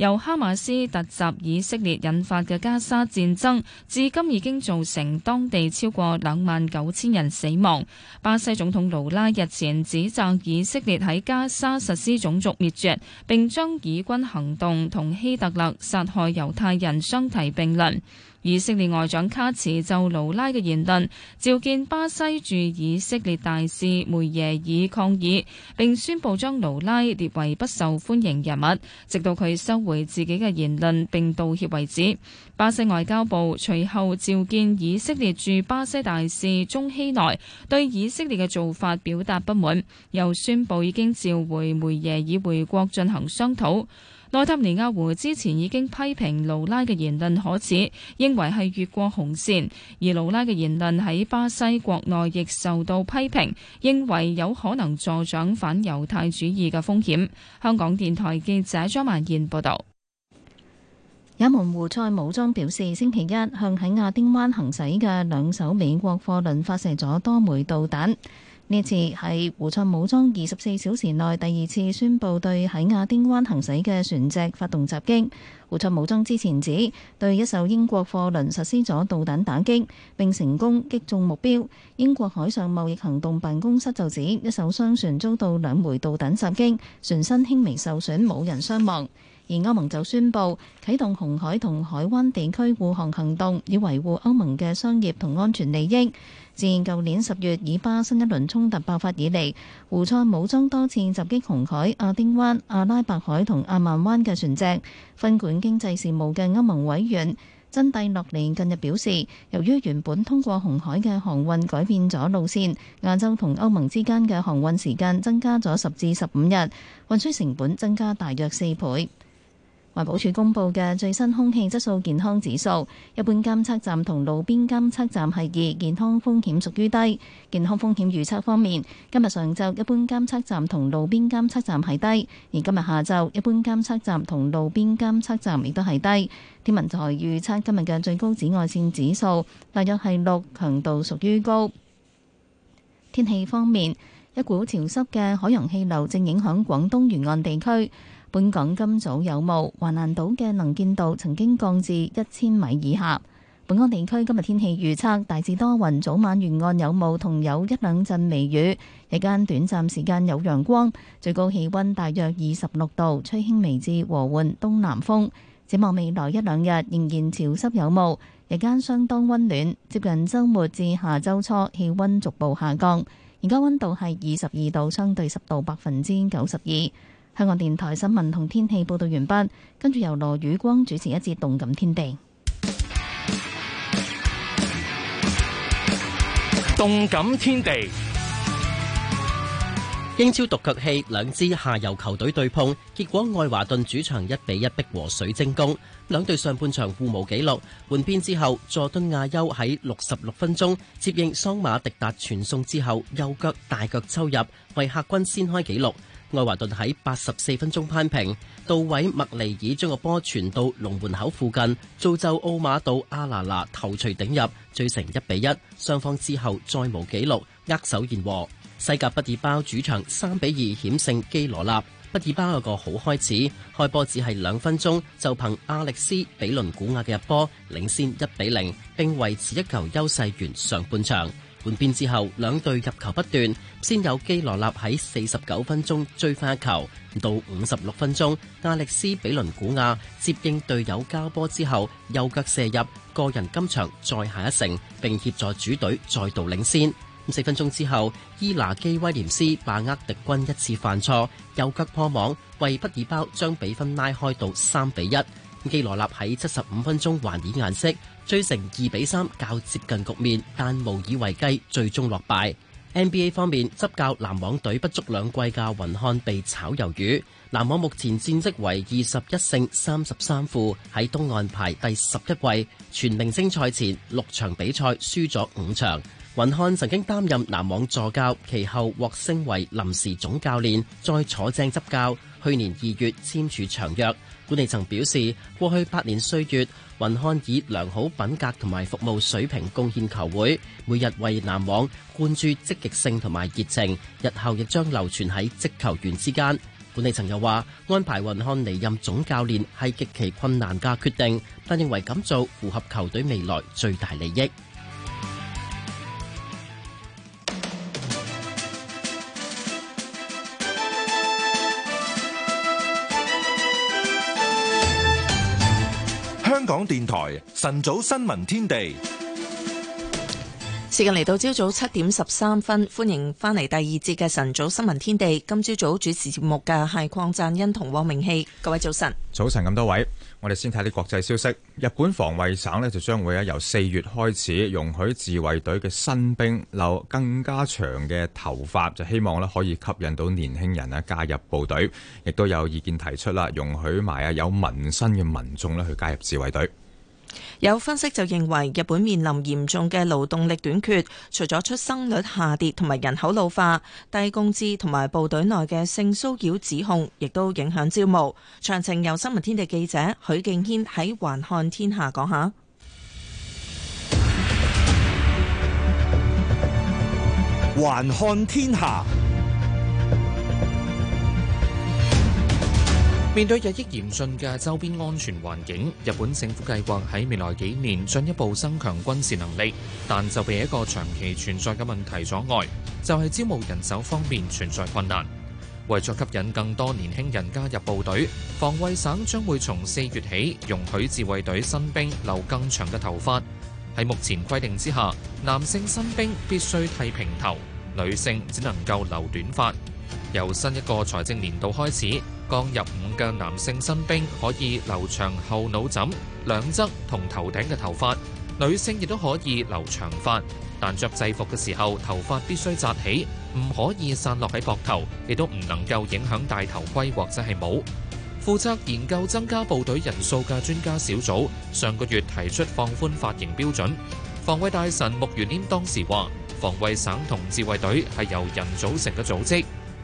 由哈馬斯突襲以色列引發嘅加沙戰爭，至今已經造成當地超過兩萬九千人死亡。巴西總統盧拉日前指責以色列喺加沙實施種族滅絕，並將以軍行動同希特勒殺害猶太人相提並論。以色列外長卡茨就盧拉嘅言論召見巴西駐以色列大使梅耶爾抗議，並宣布將盧拉列為不受歡迎人物，直到佢收回自己嘅言論並道歉為止。巴西外交部隨後召見以色列駐巴西大使鍾希萊，對以色列嘅做法表達不滿，又宣布已經召回梅耶爾回國進行商討。內塔尼亞胡之前已經批評盧拉嘅言論可恥，認為係越過紅線。而盧拉嘅言論喺巴西國內亦受到批評，認為有可能助長反猶太主義嘅風險。香港電台記者張曼燕報道。也門胡塞武裝表示，星期一向喺亞丁灣行駛嘅兩艘美國貨輪發射咗多枚導彈。呢次係胡塞武裝二十四小時內第二次宣佈對喺亞丁灣行駛嘅船隻發動襲擊。胡塞武裝之前指對一艘英國貨輪實施咗導彈打擊，並成功擊中目標。英國海上貿易行動辦公室就指一艘商船遭到兩枚導彈襲擊，船身輕微受損，冇人傷亡。而歐盟就宣布啟動紅海同海灣地區護航行動，以維護歐盟嘅商業同安全利益。自舊年十月以巴新一輪衝突爆發以嚟，胡塞武裝多次襲擊紅海、亞丁灣、阿拉伯海同阿曼灣嘅船隻。分管經濟事務嘅歐盟委員真蒂洛尼近日表示，由於原本通過紅海嘅航運改變咗路線，亞洲同歐盟之間嘅航運時間增加咗十至十五日，運輸成本增加大約四倍。環保署公布嘅最新空氣質素健康指數，一般監測站同路邊監測站係二，健康風險屬於低。健康風險預測方面，今日上晝一般監測站同路邊監測站係低，而今日下晝一般監測站同路邊監測站亦都係低。天文台預測今日嘅最高紫外線指數大約係六，強度屬於高。天氣方面，一股潮濕嘅海洋氣流正影響廣東沿岸地區。本港今早有霧，橫瀾島嘅能見度曾經降至一千米以下。本港地區今日天氣預測大致多雲，早晚沿岸有霧，同有一兩陣微雨。日間短暫時間有陽光，最高氣溫大約二十六度，吹輕微至和緩東南風。展望未來一兩日仍然潮濕有霧，日間相當溫暖。接近周末至下周初氣溫逐步下降。而家溫度係二十二度，相對濕度百分之九十二。香港電台新聞同天氣報道完畢，跟住由羅宇光主持一節《動感天地》。《動感天地》英超獨腳戲，兩支下游球隊對碰，結果愛華頓主場一比一逼和水晶宮。兩隊上半場互無紀錄，換邊之後，佐敦亞優喺六十六分鐘接應桑馬迪達傳送之後，右腳大腳抽入，為客軍先開紀錄。愛華頓喺八十四分鐘攀平，杜偉麥尼爾將個波傳到龍門口附近，造就奧馬到阿拿拿頭槌頂入，追成一比一。雙方之後再無紀錄，握手言和。西甲畢爾包主場三比二險勝基羅納。畢爾巴有個好開始，開波只係兩分鐘就憑阿歷斯比倫古亞嘅入波領先一比零，並維持一球優勢完上半場。換邊之後，兩隊入球不斷，先有基羅納喺四十九分鐘追翻一球，到五十六分鐘，亞歷斯比倫古亞接應隊友交波之後，右腳射入，個人今場再下一城，並協助主隊再度領先。咁四分鐘之後，伊拿基威廉斯把握敵軍一次犯錯，右腳破網，為畢爾包將比分拉開到三比一。咁基羅納喺七十五分鐘還以顏色。追成二比三，較接近局面，但無以為繼，最終落敗。NBA 方面，執教籃網隊不足兩季嘅雲漢被炒魷魚，籃網目前戰績為二十一勝三十三負，喺東岸排第十一位。全明星賽前六場比賽輸咗五場，雲漢曾經擔任籃網助教，其後獲升為臨時總教練，再坐正執教。去年二月簽署長約。管理層表示，過去八年歲月，雲漢以良好品格同埋服務水平貢獻球會，每日為籃網灌注積極性同埋熱情，日後亦將流傳喺職球員之間。管理層又話，安排雲漢離任總教練係極其困難嘅決定，但認為咁做符合球隊未來最大利益。香港電台晨早新聞天地，時間嚟到朝早七點十三分，歡迎翻嚟第二節嘅晨早新聞天地。今朝早主持節目嘅係鄺贊恩同黃明希，各位早晨，早晨咁多位。我哋先睇啲國際消息。日本防衛省呢，就將會咧由四月開始容許自衛隊嘅新兵留更加長嘅頭髮，就希望咧可以吸引到年輕人啊加入部隊。亦都有意見提出啦，容許埋啊有紋身嘅民眾咧去加入自衛隊。有分析就認為，日本面臨嚴重嘅勞動力短缺，除咗出生率下跌同埋人口老化，低工資同埋部隊內嘅性騷擾指控，亦都影響招募。詳情由新聞天地記者許敬軒喺《環看天下》講下。環看天下。面對日益嚴峻嘅周邊安全環境，日本政府計劃喺未來幾年進一步增強軍事能力，但就被一個長期存在嘅問題阻礙，就係招募人手方面存在困難。為咗吸引更多年輕人加入部隊，防衛省將會從四月起容許自衛隊新兵留更長嘅頭髮。喺目前規定之下，男性新兵必須剃平頭，女性只能夠留短髮。由新一個財政年度開始。剛入伍嘅男性新兵可以留長後腦枕兩側同頭頂嘅頭髮，女性亦都可以留長髮。但着制服嘅時候，頭髮必須紮起，唔可以散落喺膊頭，亦都唔能夠影響大頭盔或者係帽。負責研究增加部隊人數嘅專家小組上個月提出放寬髮型標準。防衛大臣木原稔當時話：防衛省同自衛隊係由人組成嘅組織。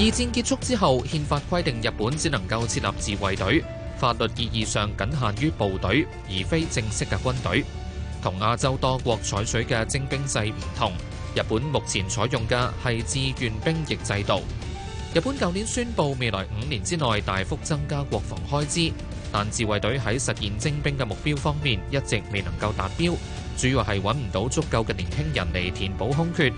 二戰結束之後，憲法規定日本只能夠設立自衛隊，法律意義上僅限於部隊，而非正式嘅軍隊。同亞洲多國採取嘅徵兵制唔同，日本目前採用嘅係志願兵役制度。日本舊年宣布未來五年之內大幅增加國防開支，但自衛隊喺實現徵兵嘅目標方面一直未能夠達標，主要係揾唔到足夠嘅年輕人嚟填補空缺。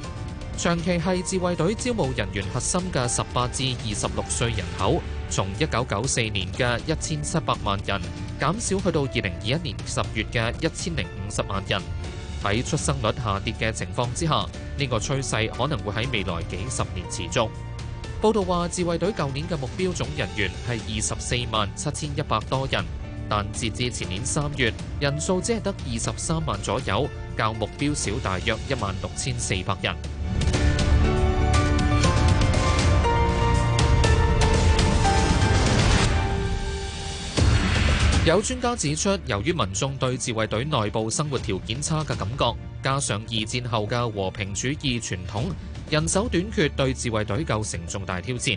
長期係自衛隊招募人員核心嘅十八至二十六歲人口，從一九九四年嘅一千七百萬人減少去到二零二一年十月嘅一千零五十萬人。喺出生率下跌嘅情況之下，呢個趨勢可能會喺未來幾十年持續。報道話，自衛隊舊年嘅目標總人員係二十四萬七千一百多人，但截至前年三月，人數只係得二十三萬左右，較目標少大約一萬六千四百人。有專家指出，由於民眾對自衛隊內部生活條件差嘅感覺，加上二戰後嘅和平主義傳統，人手短缺對自衛隊構成重大挑戰。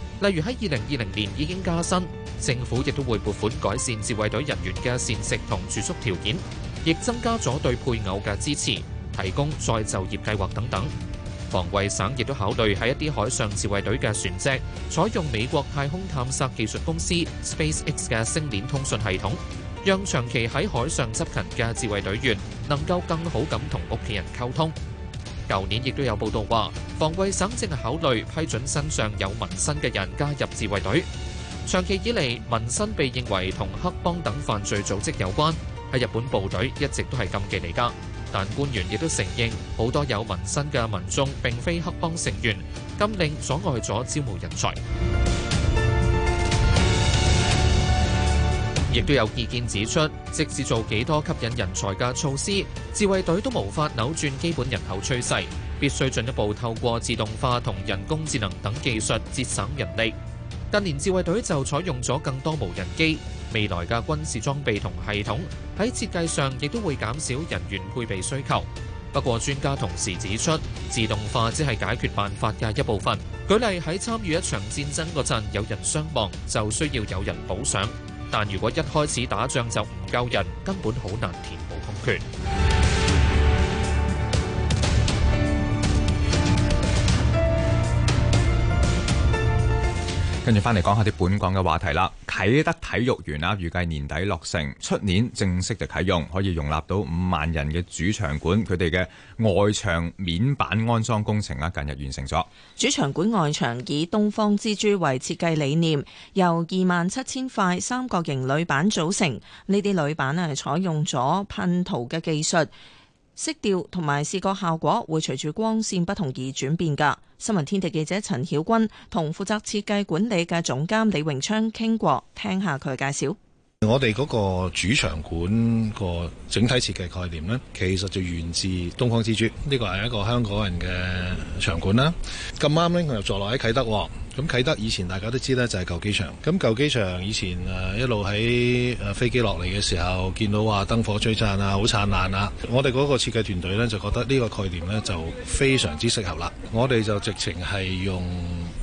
例如喺二零二零年已經加薪，政府亦都會撥款改善自衛隊人員嘅膳食同住宿條件，亦增加咗對配偶嘅支持，提供再就業計劃等等。防衞省亦都考慮喺一啲海上自衛隊嘅船隻採用美國太空探索技術公司 SpaceX 嘅星鏈通訊系統，讓長期喺海上執勤嘅自衛隊員能夠更好咁同屋企人溝通。舊年亦都有報道話，防衛省正係考慮批准身上有紋身嘅人加入自衛隊。長期以嚟，紋身被認為同黑幫等犯罪組織有關，喺日本部隊一直都係禁忌嚟㗎。但官員亦都承認，好多有紋身嘅民眾並非黑幫成員，禁令阻礙咗招募人才。亦都有意見指出，即使做幾多吸引人才嘅措施，自衛隊都無法扭轉基本人口趨勢，必須進一步透過自動化同人工智能等技術節省人力。近年自衛隊就採用咗更多無人機，未來嘅軍事裝備同系統喺設計上亦都會減少人員配備需求。不過專家同時指出，自動化只係解決辦法嘅一部分。舉例喺參與一場戰爭嗰陣，有人傷亡，就需要有人補償。但如果一開始打仗就唔夠人，根本好難填補空缺。跟住翻嚟講下啲本港嘅話題啦。啟德體育園啊，預計年底落成，出年正式就啟用，可以容納到五萬人嘅主場館。佢哋嘅外牆面板安裝工程啦，啊，近日完成咗。主場館外牆以東方之珠為設計理念，由二萬七千塊三角形鋁板組成。呢啲鋁板啊，採用咗噴塗嘅技術，色調同埋視覺效果會隨住光線不同而轉變噶。新聞天地記者陳曉君同負責設計管理嘅總監李榮昌傾過，聽下佢介紹。我哋嗰個主場館個整體設計概念呢，其實就源自東方之珠，呢個係一個香港人嘅場館啦。咁啱呢，佢又坐落喺啟德咁啟德以前大家都知咧，就係舊機場。咁舊機場以前誒一路喺飛機落嚟嘅時候，見到話燈火璀璨啊，好燦爛啊！我哋嗰個設計團隊咧就覺得呢個概念呢，就非常之適合啦。我哋就直情係用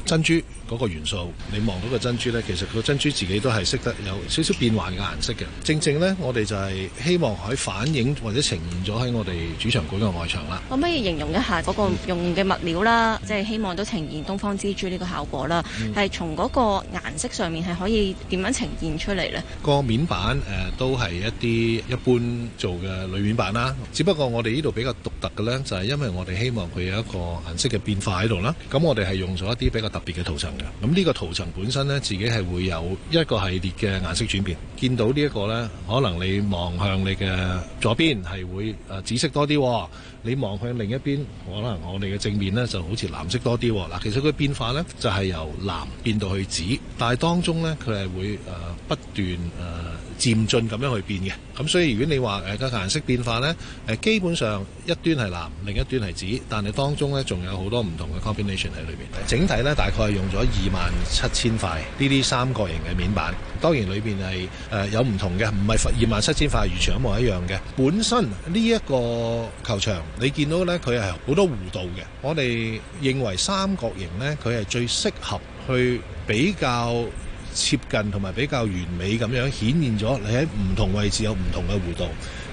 珍珠。嗰個元素，你望到個珍珠呢，其實個珍珠自己都係識得有少少變幻嘅顏色嘅。正正呢，我哋就係希望可以反映或者呈現咗喺我哋主場館嘅外牆啦。可唔可以形容一下嗰個用嘅物料啦？即係、嗯、希望都呈現東方之珠呢個效果啦。係、嗯、從嗰個顏色上面係可以點樣呈現出嚟呢？個面板誒、呃、都係一啲一般做嘅鋁面板啦。只不過我哋呢度比較獨特嘅呢，就係、是、因為我哋希望佢有一個顏色嘅變化喺度啦。咁我哋係用咗一啲比較特別嘅塗層。咁呢個圖層本身呢，自己係會有一個系列嘅顏色轉變。見到呢一個呢，可能你望向你嘅左邊係會誒、呃、紫色多啲、哦，你望向另一邊，可能我哋嘅正面呢就好似藍色多啲。嗱，其實佢變化呢，就係、是、由藍變到去紫，但係當中呢，佢係會誒、呃、不斷誒。呃漸進咁樣去變嘅，咁所以如果你話誒個顏色變化呢，誒、呃、基本上一端係藍，另一端係紫，但係當中呢，仲有好多唔同嘅 combination 喺裏面。整體呢，大概係用咗二萬七千塊呢啲三角形嘅面板，當然裏邊係誒有唔同嘅，唔係二萬七千塊完全一模一樣嘅。本身呢一個球場，你見到呢，佢係好多弧度嘅，我哋認為三角形呢，佢係最適合去比較。接近同埋比較完美咁樣，顯現咗你喺唔同位置有唔同嘅弧度。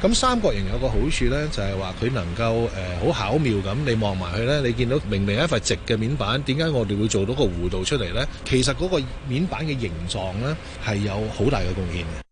咁三角形有個好處呢，就係話佢能夠誒好巧妙咁，你望埋去呢，你見到明明一塊直嘅面板，點解我哋會做到個弧度出嚟呢？其實嗰個面板嘅形狀呢，係有好大嘅貢獻嘅。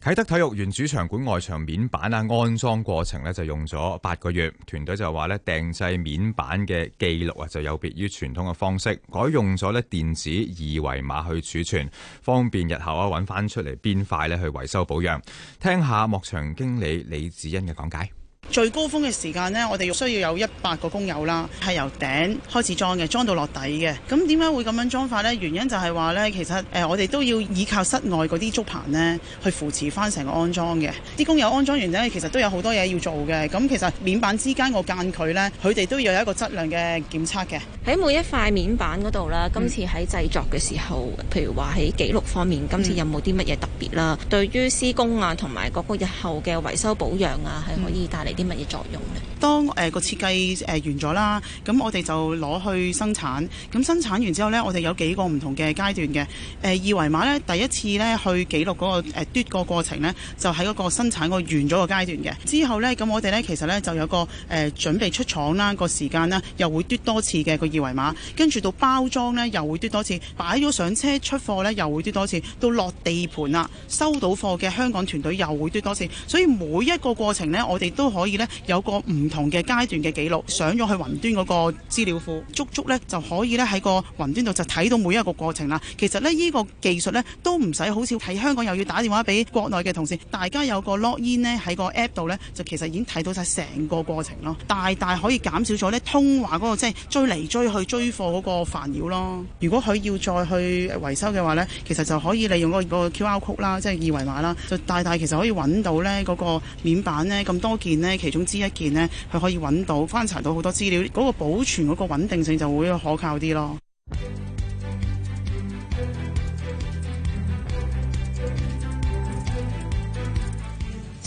啟德體育園主場館外牆面板啊安裝過程咧就用咗八個月，團隊就話咧訂製面板嘅記錄啊就有別於傳統嘅方式，改用咗咧電子二維碼去儲存，方便日後啊揾翻出嚟邊塊咧去維修保養。聽下幕場經理李子欣嘅講解。最高峰嘅時間呢我哋需要有一百個工友啦，係由頂開始裝嘅，裝到落底嘅。咁點解會咁樣裝法呢？原因就係話呢，其實誒、呃、我哋都要依靠室外嗰啲竹棚呢去扶持翻成個安裝嘅。啲工友安裝完呢，其實都有好多嘢要做嘅。咁其實面板之間個間距呢，佢哋都要有一個質量嘅檢測嘅。喺每一塊面板嗰度啦，嗯、今次喺製作嘅時候，譬如話喺記錄方面，今次有冇啲乜嘢特別啦？嗯、對於施工啊，同埋嗰個日後嘅維修保養啊，係可以帶嚟。嗯啲乜嘢作用咧？當誒個、呃、設計完咗啦，咁我哋就攞去生產。咁生產完之後呢，我哋有幾個唔同嘅階段嘅。誒、呃、二維碼呢，第一次呢去記錄嗰、那個、呃、嘟篤個過程呢，就喺、是、嗰個生產個完咗個階段嘅。之後呢，咁我哋呢其實呢就有個誒、呃、準備出廠啦個時間呢，又會嘟多次嘅個二維碼。跟住到包裝呢，又會嘟多次；擺咗上車出貨呢，又會嘟多次；到落地盤啦，收到貨嘅香港團隊又會嘟多次。所以每一個過程呢，我哋都可以，有個唔同嘅階段嘅記錄，上咗去雲端嗰個資料庫，足足咧就可以咧喺個雲端度就睇到每一個過程啦。其實呢個技術咧都唔使好少，喺香港又要打電話俾國內嘅同事，大家有個 log in 呢，喺個 app 度咧，就其實已經睇到晒成個過程咯，大大可以減少咗咧通話嗰個即係追嚟追去追貨嗰個煩擾咯。如果佢要再去維修嘅話咧，其實就可以利用嗰個 QR code 啦，即係二維碼啦，就大大其實可以揾到咧嗰個面板呢，咁多件呢。其中之一件呢，佢可以揾到、翻查到好多資料，嗰個保存嗰個穩定性就會可靠啲咯。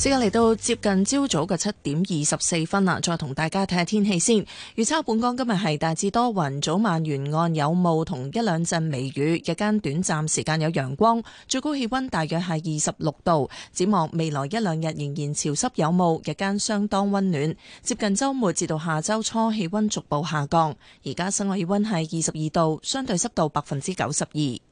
時間嚟到接近朝早嘅七點二十四分啦，再同大家睇下天氣先。預測本港今日係大致多雲，早晚沿岸有霧同一兩陣微雨，日間短暫時間有陽光，最高氣溫大約係二十六度。展望未來一兩日仍然潮濕有霧，日間相當溫暖。接近周末至到下周初氣溫逐步下降。而家室外氣溫係二十二度，相對濕度百分之九十二。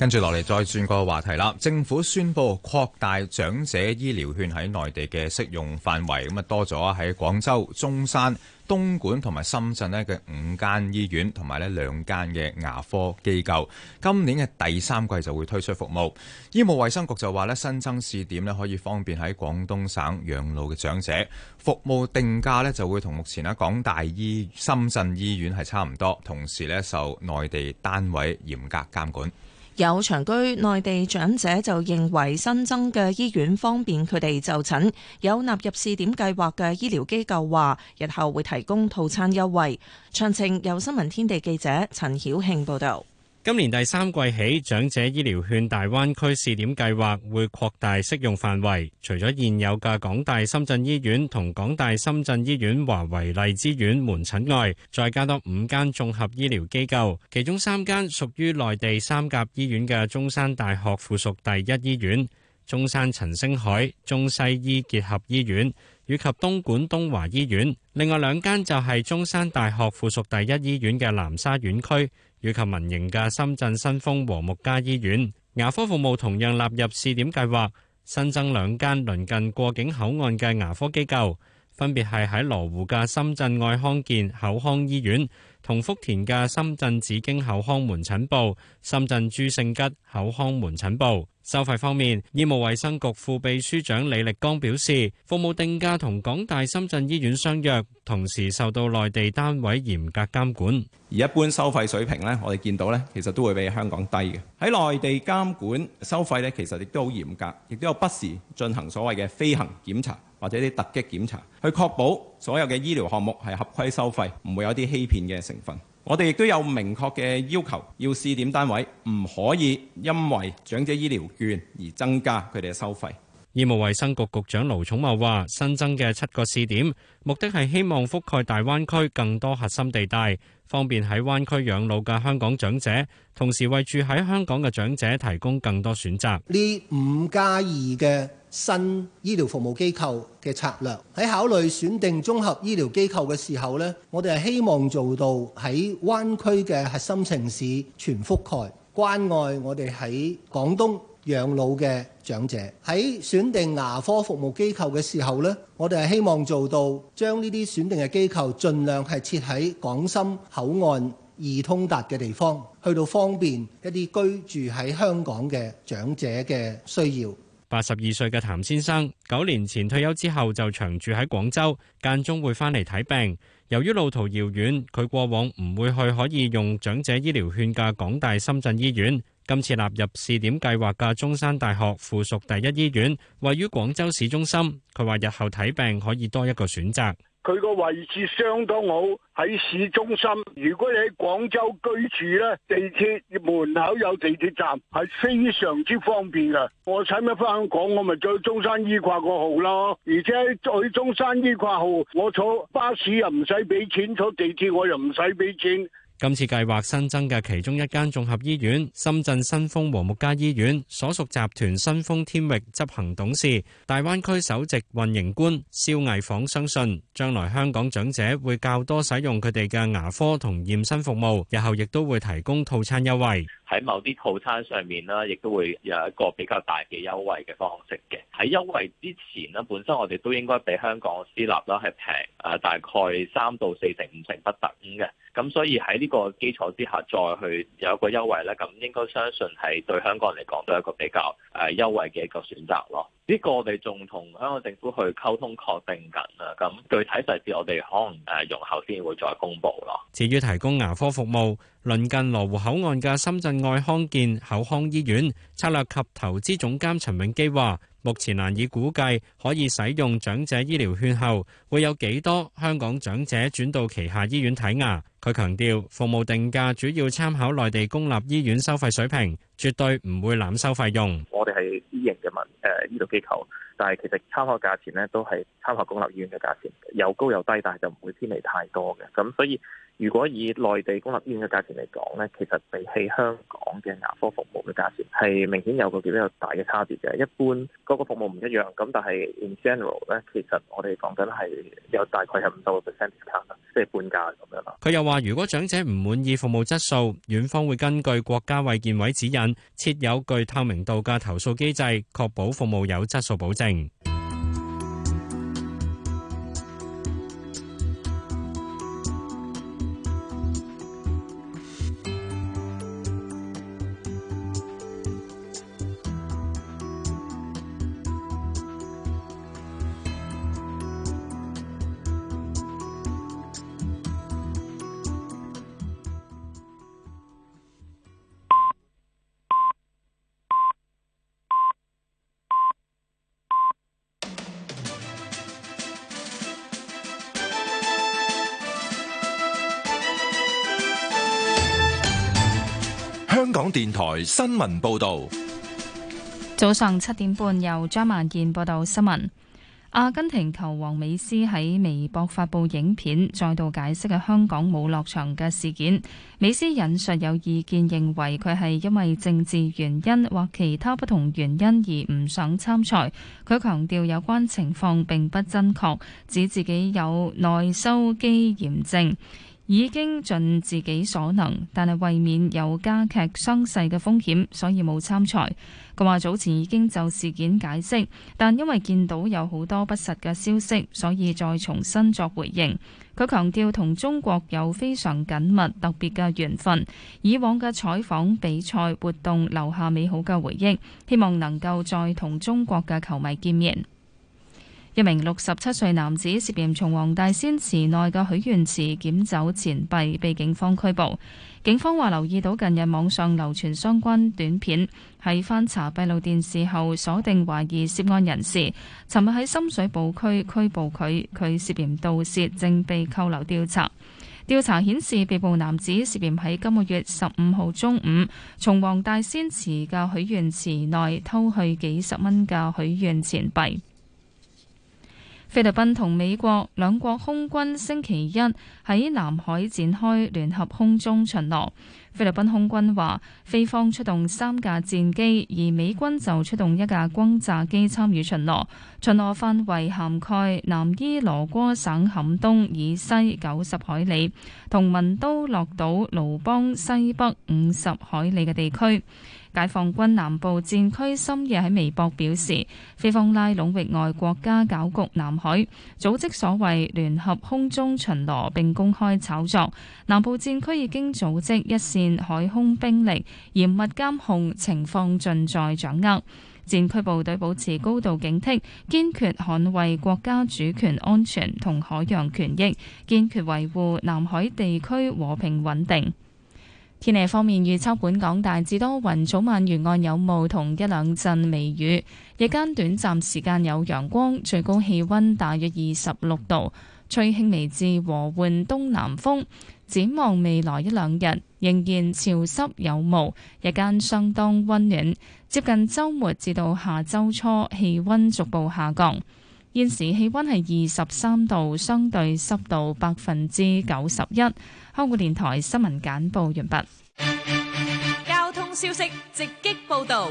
跟住落嚟，再轉個話題啦。政府宣布擴大長者醫療券喺內地嘅適用範圍，咁啊多咗喺廣州、中山、東莞同埋深圳呢嘅五間醫院同埋呢兩間嘅牙科機構。今年嘅第三季就會推出服務。醫務衛生局就話呢，新增試點呢，可以方便喺廣東省養老嘅長者，服務定價呢就會同目前呢港大醫、深圳醫院係差唔多，同時呢受內地單位嚴格監管。有長居內地長者就認為新增嘅醫院方便佢哋就診。有納入試點計劃嘅醫療機構話，日後會提供套餐優惠。詳情由新聞天地記者陳曉慶報道。今年第三季起，長者醫療券大灣區試點計劃會擴大適用範圍，除咗現有嘅港大深圳醫院同港大深圳醫院華為荔枝苑門診外，再加多五間綜合醫療機構，其中三間屬於內地三甲醫院嘅中山大學附屬第一醫院、中山陳星海中西醫結合醫院以及東莞東華醫院，另外兩間就係中山大學附屬第一醫院嘅南沙院區，以及民營嘅深圳新豐和睦家醫院牙科服務同樣納入試點計劃，新增兩間鄰近過境口岸嘅牙科機構，分別係喺羅湖嘅深圳愛康健口腔醫院、同福田嘅深圳紫荊口腔門診部、深圳朱勝吉口腔門診部收費方面，醫務衛生局副秘書長李力剛表示，服務定價同港大深圳醫院相約，同時受到內地單位嚴格監管。而一般收費水平咧，我哋見到咧，其實都會比香港低嘅。喺內地監管收費咧，其實亦都好嚴格，亦都有不時進行所謂嘅飛行檢查。或者啲突擊檢查，去確保所有嘅醫療項目係合規收費，唔會有啲欺騙嘅成分。我哋亦都有明確嘅要求，要試點單位唔可以因為長者醫療券而增加佢哋嘅收費。醫務衛生局局長盧寵茂話：新增嘅七個試點，目的係希望覆蓋大灣區更多核心地帶，方便喺灣區養老嘅香港長者，同時為住喺香港嘅長者提供更多選擇。呢五加二嘅新醫療服務機構嘅策略。喺考慮選定綜合醫療機構嘅時候呢，我哋係希望做到喺灣區嘅核心城市全覆蓋，關愛我哋喺廣東養老嘅長者。喺選定牙科服務機構嘅時候呢，我哋係希望做到將呢啲選定嘅機構盡量係設喺港深口岸易通達嘅地方，去到方便一啲居住喺香港嘅長者嘅需要。八十二歲嘅譚先生，九年前退休之後就長住喺廣州，間中會翻嚟睇病。由於路途遙遠，佢過往唔會去可以用長者醫療券嘅港大深圳醫院。今次納入試點計劃嘅中山大學附屬第一醫院，位於廣州市中心，佢話日後睇病可以多一個選擇。佢個位置相當好，喺市中心。如果你喺廣州居住呢，地鐵門口有地鐵站，係非常之方便嘅。我使乜翻港？我咪再中山醫掛個號啦。而且再中山醫掛號，我坐巴士又唔使畀錢，坐地鐵我又唔使畀錢。今次計劃新增嘅其中一間綜合醫院——深圳新豐和睦家醫院，所屬集團新豐天域執行董事、大灣區首席運營官肖毅舫相信，將來香港長者會較多使用佢哋嘅牙科同驗身服務，日後亦都會提供套餐優惠。喺某啲套餐上面呢，亦都會有一個比較大嘅優惠嘅方式嘅。喺優惠之前呢，本身我哋都應該比香港私立啦係平，誒大概三到四成、五成不等嘅。咁所以喺呢個基礎之下，再去有一個優惠咧，咁應該相信係對香港人嚟講都係一個比較誒優惠嘅一個選擇咯。呢個我哋仲同香港政府去溝通確定緊啊，咁具體細節我哋可能誒容後先會再公布咯。至於提供牙科服務，鄰近羅湖口岸嘅深圳愛康健口腔醫院策略及投資總監陳永基話，目前難以估計可以使用長者醫療券後會有幾多香港長者轉到旗下醫院睇牙。佢強調服務定價主要參考內地公立醫院收費水平，絕對唔會濫收費用。我哋係醫營嘅嘛，誒醫療機構，但係其實參考價錢咧都係參考公立醫院嘅價錢，有高有低，但係就唔會偏離太多嘅。咁所以如果以內地公立醫院嘅價錢嚟講呢，其實比起香港嘅牙科服務嘅價錢，係明顯有個比較大嘅差別嘅。一般嗰個服務唔一樣，咁但係 in general 呢，其實我哋講緊係有大概係五十個 percent discount 啦，即係半價咁樣啦。佢又話。話如果長者唔滿意服務質素，院方會根據國家衛健委指引，設有具透明度嘅投訴機制，確保服務有質素保證。台新聞報導，早上七點半由張萬健報道新聞。阿根廷球王美斯喺微博發布影片，再度解釋嘅香港冇落場嘅事件。美斯引述有意見認為佢係因為政治原因或其他不同原因而唔想參賽。佢強調有關情況並不真確，指自己有內收肌炎症。已經盡自己所能，但係為免有加劇傷勢嘅風險，所以冇參賽。佢話早前已經就事件解釋，但因為見到有好多不實嘅消息，所以再重新作回應。佢強調同中國有非常緊密特別嘅緣分，以往嘅採訪、比賽、活動留下美好嘅回憶，希望能夠再同中國嘅球迷見面。一名六十七歲男子涉嫌從黃大仙祠內嘅許願池撿走錢幣，被警方拘捕。警方話留意到近日網上流傳相關短片，喺翻查閉路電視後鎖定懷疑涉案人士。尋日喺深水埗區拘捕佢，佢涉嫌盜竊，正被扣留調查。調查顯示，被捕男子涉嫌喺今個月十五號中午從黃大仙祠嘅許願池內偷去幾十蚊嘅許願錢幣。菲律賓同美國兩國空軍星期一喺南海展開聯合空中巡邏。菲律賓空軍話，菲方出動三架戰機，而美軍就出動一架轟炸機參與巡邏。巡邏範圍涵，涵蓋南伊羅哥省坎東以西九十海里，同民都洛島盧邦西北五十海里嘅地區。解放軍南部戰區深夜喺微博表示，菲方拉攏域外國家攪局南海，組織所謂聯合空中巡邏，並公開炒作。南部戰區已經組織一線海空兵力，嚴密監控情況，盡在掌握。戰區部隊保持高度警惕，堅決捍衛國家主權安全同海洋權益，堅決維護南海地區和平穩定。天氣方面，預測本港大致多雲，早晚沿岸有霧，同一兩陣微雨，日間短暫時間有陽光，最高氣溫大約二十六度，吹輕微至和緩東南風。展望未來一兩日仍然潮濕有霧，日間相當溫暖，接近周末至到下周初氣溫逐步下降。現時氣溫係二十三度，相對濕度百分之九十一。香港電台新聞簡報完畢。交通消息直擊報道。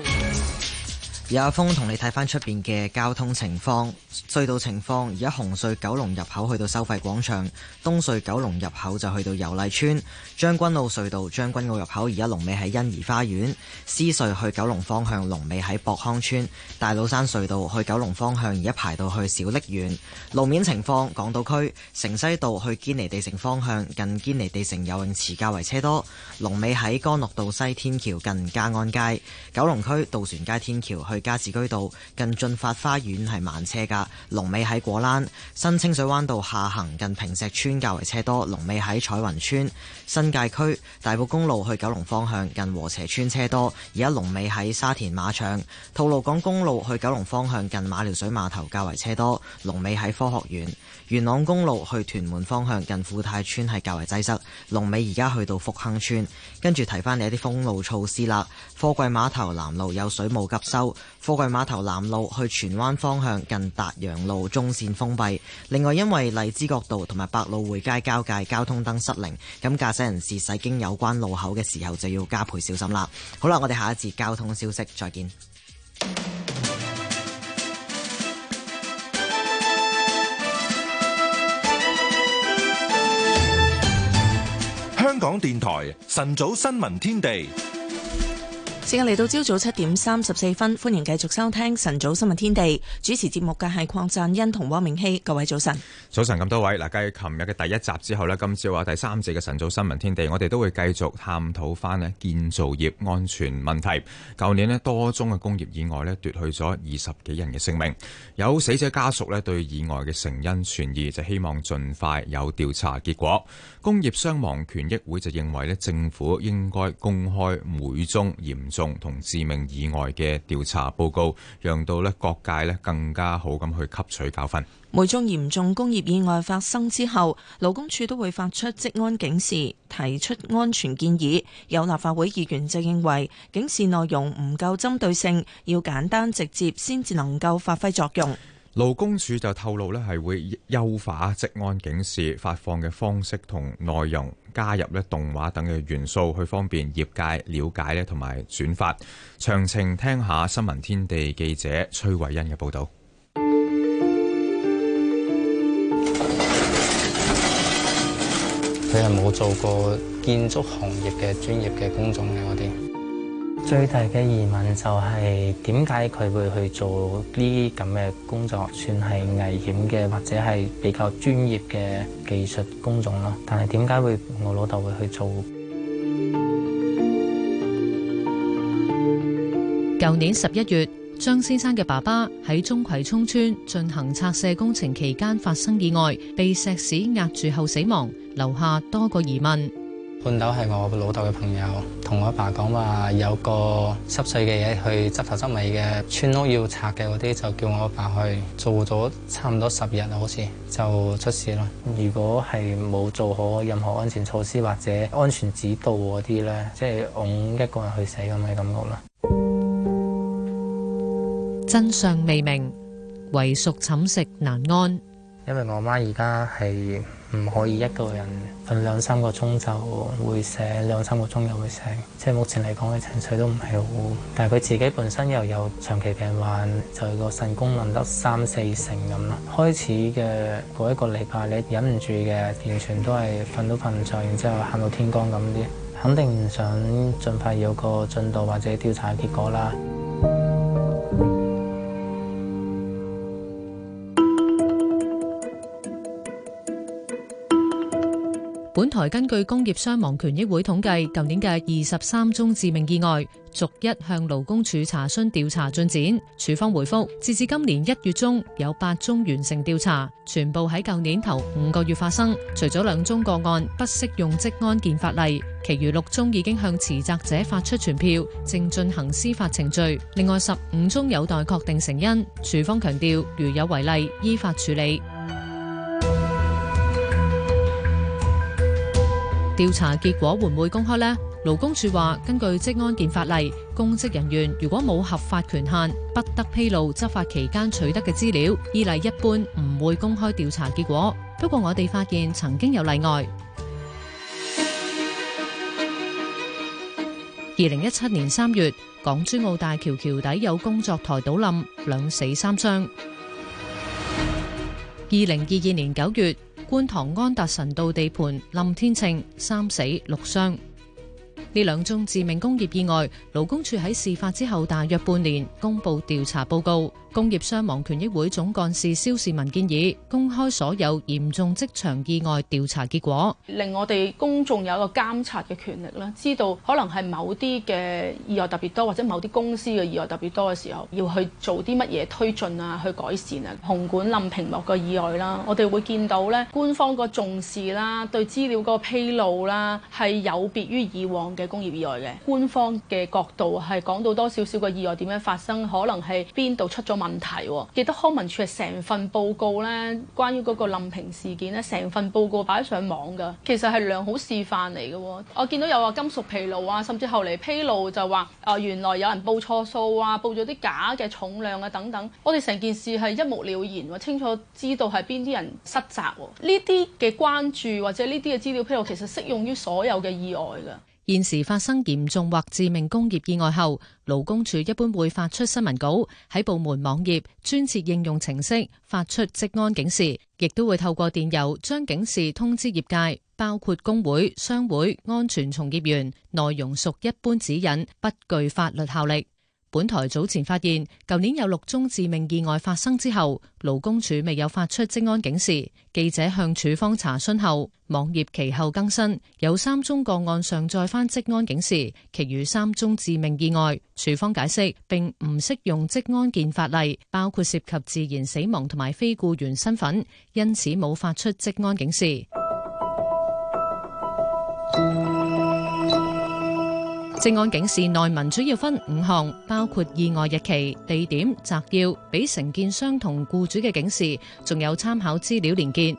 有阿峰同你睇翻出邊嘅交通情況、隧道情況。而家紅隧九龍入口去到收費廣場，東隧九龍入口就去到油麗村。將軍澳隧道將軍澳入口，而家龍尾喺欣怡花園。獅隧去九龍方向，龍尾喺博康村。大老山隧道去九龍方向，而家排到去小瀝源。路面情況，港島區城西道去堅尼地城方向，近堅尼地城游泳池較為車多，龍尾喺干諾道西天橋近嘉安街。九龍區渡船街天橋去。加士居道近駿發花園係慢車噶，龍尾喺果欄；新清水灣道下行近坪石村較為車多，龍尾喺彩雲村；新界區大埔公路去九龍方向近和斜村車多，而家龍尾喺沙田馬場；吐露港公路去九龍方向近馬料水碼頭較為車多，龍尾喺科學園。元朗公路去屯門方向近富泰村係較為擠塞，龍尾而家去到福亨村，跟住提翻你一啲封路措施啦。貨櫃碼頭南路有水務急收，貨櫃碼頭南路去荃灣方向近達陽路中線封閉。另外，因為荔枝角道同埋百老匯街交界交通燈失靈，咁駕駛人士駛經有關路口嘅時候就要加倍小心啦。好啦，我哋下一節交通消息再見。香港電台晨早新聞天地。今日嚟到朝早七點三十四分，歡迎繼續收聽晨早新聞天地。主持節目嘅係鄺贊恩同汪明希，各位早晨。早晨咁多位嗱，繼琴日嘅第一集之後咧，今朝話第三節嘅晨早新聞天地，我哋都會繼續探討翻咧建造業安全問題。舊年咧多宗嘅工業意外咧奪去咗二十幾人嘅性命，有死者家屬咧對意外嘅成因存疑，就希望盡快有調查結果。工業傷亡權益會就認為咧政府應該公開每宗嚴。重。同致命意外嘅調查報告，讓到咧各界咧更加好咁去吸取教訓。每宗嚴重工業意外發生之後，勞工處都會發出職安警示，提出安全建議。有立法會議員就認為，警示內容唔夠針對性，要簡單直接先至能夠發揮作用。勞工處就透露咧，係會優化職安警示發放嘅方式同內容，加入咧動畫等嘅元素，去方便業界了解咧同埋轉發。詳情聽下新聞天地記者崔偉恩嘅報道。佢係冇做過建築行業嘅專業嘅工種嘅，我哋。最大嘅疑問就係點解佢會去做啲咁嘅工作，算係危險嘅或者係比較專業嘅技術工種咯？但係點解會我老豆會去做？舊年十一月，張先生嘅爸爸喺中葵涌村進行拆卸工程期間發生意外，被石屎壓住後死亡，留下多個疑問。半斗係我老豆嘅朋友，同我阿爸講話有個濕碎嘅嘢，去執頭執尾嘅村屋要拆嘅嗰啲，就叫我阿爸，爸去做咗差唔多十日啊，好似就出事啦。如果係冇做好任何安全措施或者安全指導嗰啲呢，即係㧬一個人去死咁嘅感覺啦。真相未明，遺屬寢食難安。因為我媽而家係。唔可以一個人瞓兩三個鐘就會醒，兩三個鐘又會醒。即係目前嚟講嘅情緒都唔係好，但係佢自己本身又有長期病患，就個腎功能得三四成咁咯。開始嘅嗰一個禮拜你忍唔住嘅，完全都係瞓都瞓唔着，然之後喊到天光咁啲，肯定唔想盡快有個進度或者調查結果啦。本台根據工業傷亡權益會統計，舊年嘅二十三宗致命意外，逐一向勞工處查詢調查進展。處方回覆，截至今年一月中有八宗完成調查，全部喺舊年頭五個月發生。除咗兩宗個案不適用職安健法例，其餘六宗已經向持責者發出傳票，正進行司法程序。另外十五宗有待確定成因。處方強調，如有違例，依法處理。調查結果會唔會公開呢？勞工處話，根據職安健法例，公職人員如果冇合法權限，不得披露執法期間取得嘅資料。依例一般唔會公開調查結果。不過我哋發現曾經有例外。二零一七年三月，港珠澳大橋橋底有工作台倒冧，兩死三傷。二零二二年九月，觀塘安達臣道地盤，冧天秤三死六傷。呢兩宗致命工業意外，勞工處喺事發之後大約半年公布調查報告。工業傷亡權益會總幹事蕭市民建議公開所有嚴重職場意外調查結果，令我哋公眾有一個監察嘅權力啦，知道可能係某啲嘅意外特別多，或者某啲公司嘅意外特別多嘅時候，要去做啲乜嘢推進啊，去改善啊。紅館冧屏幕嘅意外啦，我哋會見到咧，官方個重視啦，對資料個披露啦，係有別於以往嘅工業意外嘅。官方嘅角度係講到多少少嘅意外點樣發生，可能係邊度出咗？問題、哦，記得康文署係成份報告呢，關於嗰個林平事件咧，成份報告擺上網嘅，其實係良好示範嚟嘅。我見到有話金屬疲勞啊，甚至後嚟披露就話，啊、呃、原來有人報錯數啊，報咗啲假嘅重量啊等等。我哋成件事係一目了然，清楚知道係邊啲人失責、哦。呢啲嘅關注或者呢啲嘅資料披露，其實適用於所有嘅意外㗎。現時發生嚴重或致命工業意外後，勞工處一般會發出新聞稿，喺部門網頁專設應用程式發出職安警示，亦都會透過電郵將警示通知業界，包括工會、商會、安全從業員。內容屬一般指引，不具法律效力。本台早前發現，舊年有六宗致命意外發生之後，勞工處未有發出職安警示。記者向處方查詢後，網頁其後更新，有三宗個案上載翻職安警示，其餘三宗致命意外，處方解釋並唔適用職安健法例，包括涉及自然死亡同埋非僱員身份，因此冇發出職安警示。職安警示內文主要分五項，包括意外日期、地點、摘要，俾承建商同僱主嘅警示，仲有參考資料連結。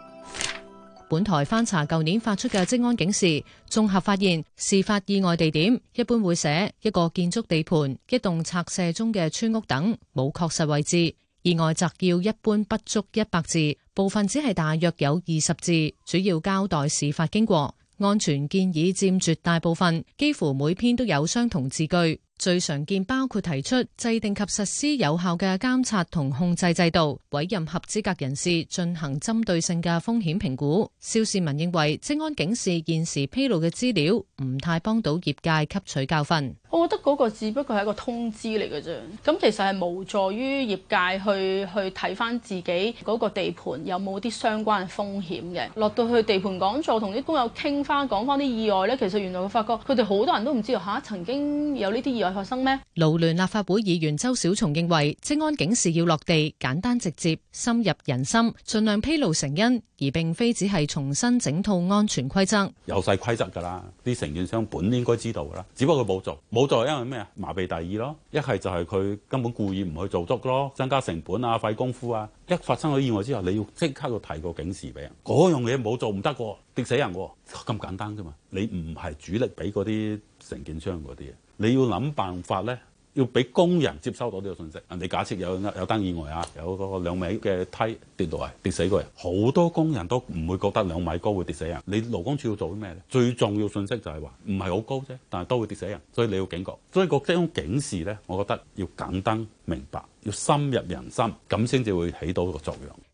本台翻查舊年發出嘅職安警示，綜合發現，事發意外地點一般會寫一個建築地盤、一棟拆卸中嘅村屋等，冇確實位置。意外摘要一般不足一百字，部分只係大約有二十字，主要交代事發經過。安全建議佔絕大部分，幾乎每篇都有相同字句。最常見包括提出制定及實施有效嘅監察同控制制度，委任合資格人士進行針對性嘅風險評估。邵市民認為，職安警示現時披露嘅資料唔太幫到業界吸取教訓，我覺得嗰個只不過係一個通知嚟嘅啫，咁其實係無助於業界去去睇翻自己嗰個地盤有冇啲相關風險嘅。落到去地盤講座，同啲工友傾翻講翻啲意外咧，其實原來我發覺佢哋好多人都唔知道吓、啊、曾經有呢啲意外。學生咩？勞聯立法會議員周小松認為，職安警示要落地，簡單直接，深入人心，盡量披露成因，而並非只係重新整套安全規則。有晒規則噶啦，啲承建商本應該知道噶啦，只不過佢冇做冇做，係因為咩啊麻痹大意咯？一係就係佢根本故意唔去做足咯，增加成本啊，費功夫啊。一發生咗意外之後，你要即刻去提個警示俾人。嗰樣嘢冇做唔得，㗎跌死人咁簡單噶嘛？你唔係主力俾嗰啲承建商嗰啲。你要諗辦法咧，要俾工人接收到呢個信息。你假設有有單意外啊，有個兩米嘅梯跌落嚟，跌死一個人。好多工人都唔會覺得兩米高會跌死人。你勞工處要做啲咩咧？最重要信息就係話唔係好高啫，但係都會跌死人。所以你要警覺。所以個即係警示咧，我覺得要簡單明白，要深入人心，咁先至會起到個作用。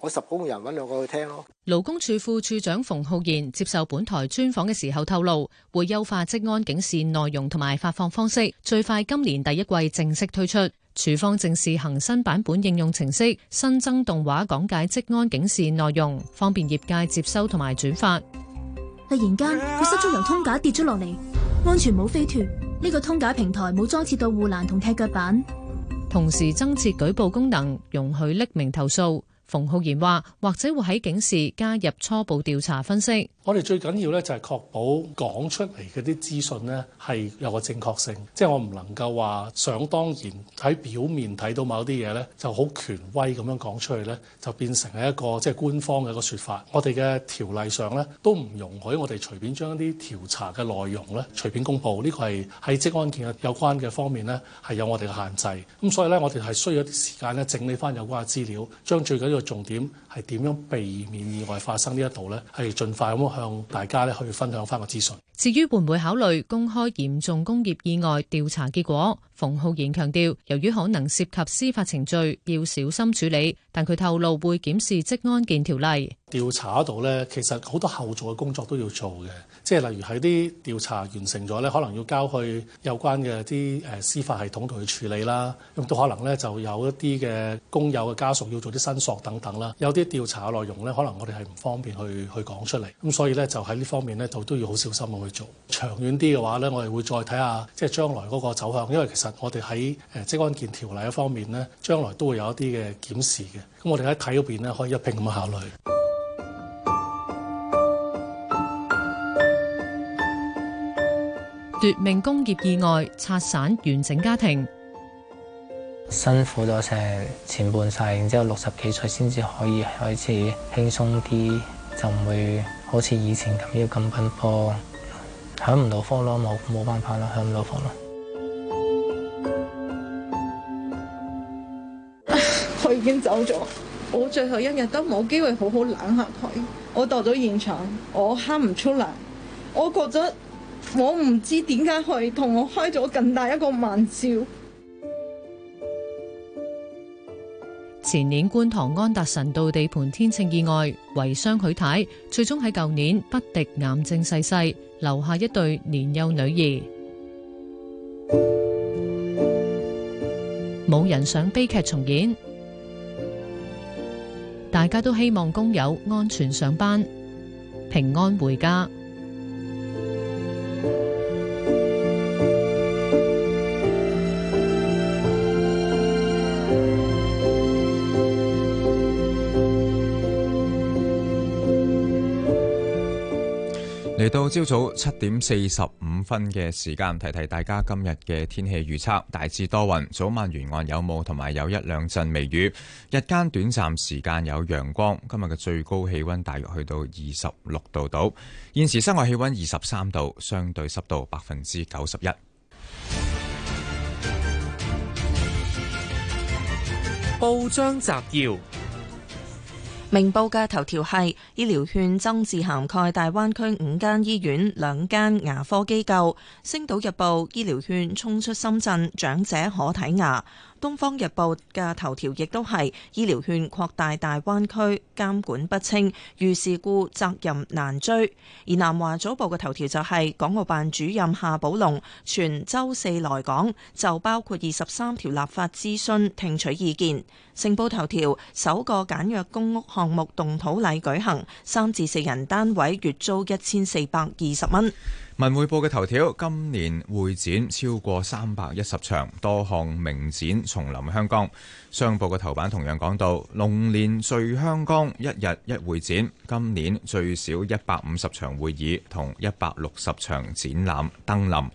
我十工人搵兩個去聽咯。勞工處副處長馮浩然接受本台專訪嘅時候透露，會優化職安警示內容同埋發放方式，最快今年第一季正式推出。處方正試行新版本應用程式，新增動畫講解職安警示內容，方便業界接收同埋轉發。突然間，佢失足由通架跌咗落嚟，安全帽飛脫。呢個通架平台冇裝設到護欄同踢腳板，同時增設舉報功能，容許匿名投訴。馮浩然話，或者會喺警示加入初步調查分析。我哋最緊要咧就係確保講出嚟嗰啲資訊咧係有個正確性，即係我唔能夠話想當然喺表面睇到某啲嘢咧就好權威咁樣講出去咧，就變成係一個即係官方嘅一個説法。我哋嘅條例上咧都唔容許我哋隨便將一啲調查嘅內容咧隨便公佈，呢個係喺職安健嘅有關嘅方面咧係有我哋嘅限制。咁所以咧我哋係需要一啲時間咧整理返有關嘅資料，將最緊要嘅重點。係點樣避免意外發生呢一度咧，係盡快咁向大家咧去分享翻個資訊。至於會唔會考慮公開嚴重工業意外調查結果，馮浩然強調，由於可能涉及司法程序，要小心處理。但佢透露會檢視職安健條例。調查嗰度咧，其實好多後續嘅工作都要做嘅。即係例如喺啲調查完成咗呢，可能要交去有關嘅啲誒司法系統度去處理啦，咁都可能呢，就有一啲嘅工友嘅家屬要做啲申索等等啦。有啲調查嘅內容呢，可能我哋係唔方便去去講出嚟，咁所以呢，就喺呢方面呢，就都要好小心咁去做。長遠啲嘅話呢，我哋會再睇下即係將來嗰個走向，因為其實我哋喺誒職安健條例一方面呢，將來都會有一啲嘅檢視嘅。咁我哋喺睇嗰邊呢，可以一拼咁樣考慮。奪命工業意外拆散完整家庭，辛苦咗成前半世，然之後六十幾歲先至可以開始輕鬆啲，就唔會好似以前咁要咁奔波，享唔到福咯，冇冇辦法咯，享唔到福咯。佢已經走咗，我最後一日都冇機會好好攬下佢，我到咗現場，我喊唔出嚟，我覺得。我唔知點解佢同我開咗咁大一個玩笑。前年觀塘安達臣道地盤天秤意外，遺孀許太，最終喺舊年不敵癌症逝世，留下一對年幼女兒。冇人想悲劇重演，大家都希望工友安全上班，平安回家。嚟到朝早七點四十五分嘅時間，提提大家今日嘅天氣預測，大致多雲，早晚沿岸有霧，同埋有一兩陣微雨。日間短暫時間有陽光。今日嘅最高氣溫大約去到二十六度度。現時室外氣溫二十三度，相對濕度百分之九十一。報章摘要。明報嘅頭條係醫療券增至涵蓋大灣區五間醫院、兩間牙科機構。星島日報：醫療券衝出深圳，長者可睇牙。《東方日報》嘅頭條亦都係醫療券擴大，大灣區監管不清，遇事故責任難追。而《南華早報》嘅頭條就係港澳辦主任夏寶龍全週四來港，就包括二十三條立法諮詢聽取意見。《成報》頭條：首個簡約公屋項目動土禮舉行，三至四人單位月租一千四百二十蚊。文匯報嘅頭條：今年會展超過三百一十場，多項名展重臨香港。商報嘅頭版同樣講到，龍年聚香港，一日一會展，今年最少一百五十場會議同一百六十場展覽登臨。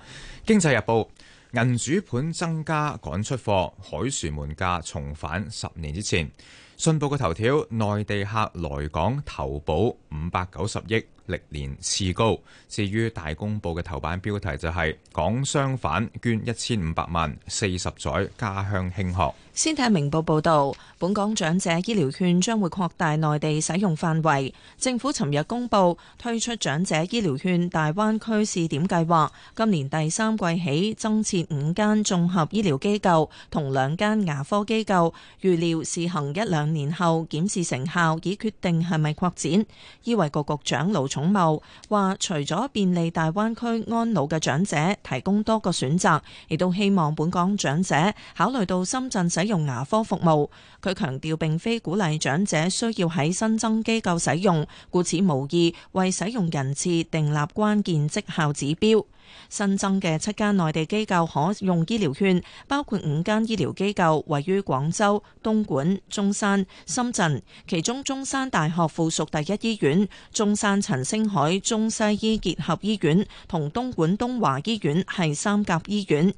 經濟日報：銀主盤增加，趕出貨，海船門價重返十年之前。信報嘅頭條：內地客來港投保五百九十億。歷年次高。至於大公報嘅頭版標題就係《港商反捐一千五百萬四十載家鄉興學》。先睇明報報導，本港長者醫療券將會擴大內地使用範圍。政府尋日公佈推出長者醫療券大灣區試點計劃，今年第三季起增設五間綜合醫療機構同兩間牙科機構。預料試行一兩年後檢視成效，以決定係咪擴展。醫衞局局長盧。重茂話：除咗便利大灣區安老嘅長者，提供多個選擇，亦都希望本港長者考慮到深圳使用牙科服務。佢強調並非鼓勵長者需要喺新增機構使用，故此無意為使用人次訂立關鍵績效指標。新增嘅七間內地機構可用醫療券，包括五間醫療機構位於廣州、東莞、中山、深圳，其中中山大學附屬第一醫院、中山陳星海中西醫結合醫院同東莞東華醫院係三甲醫院。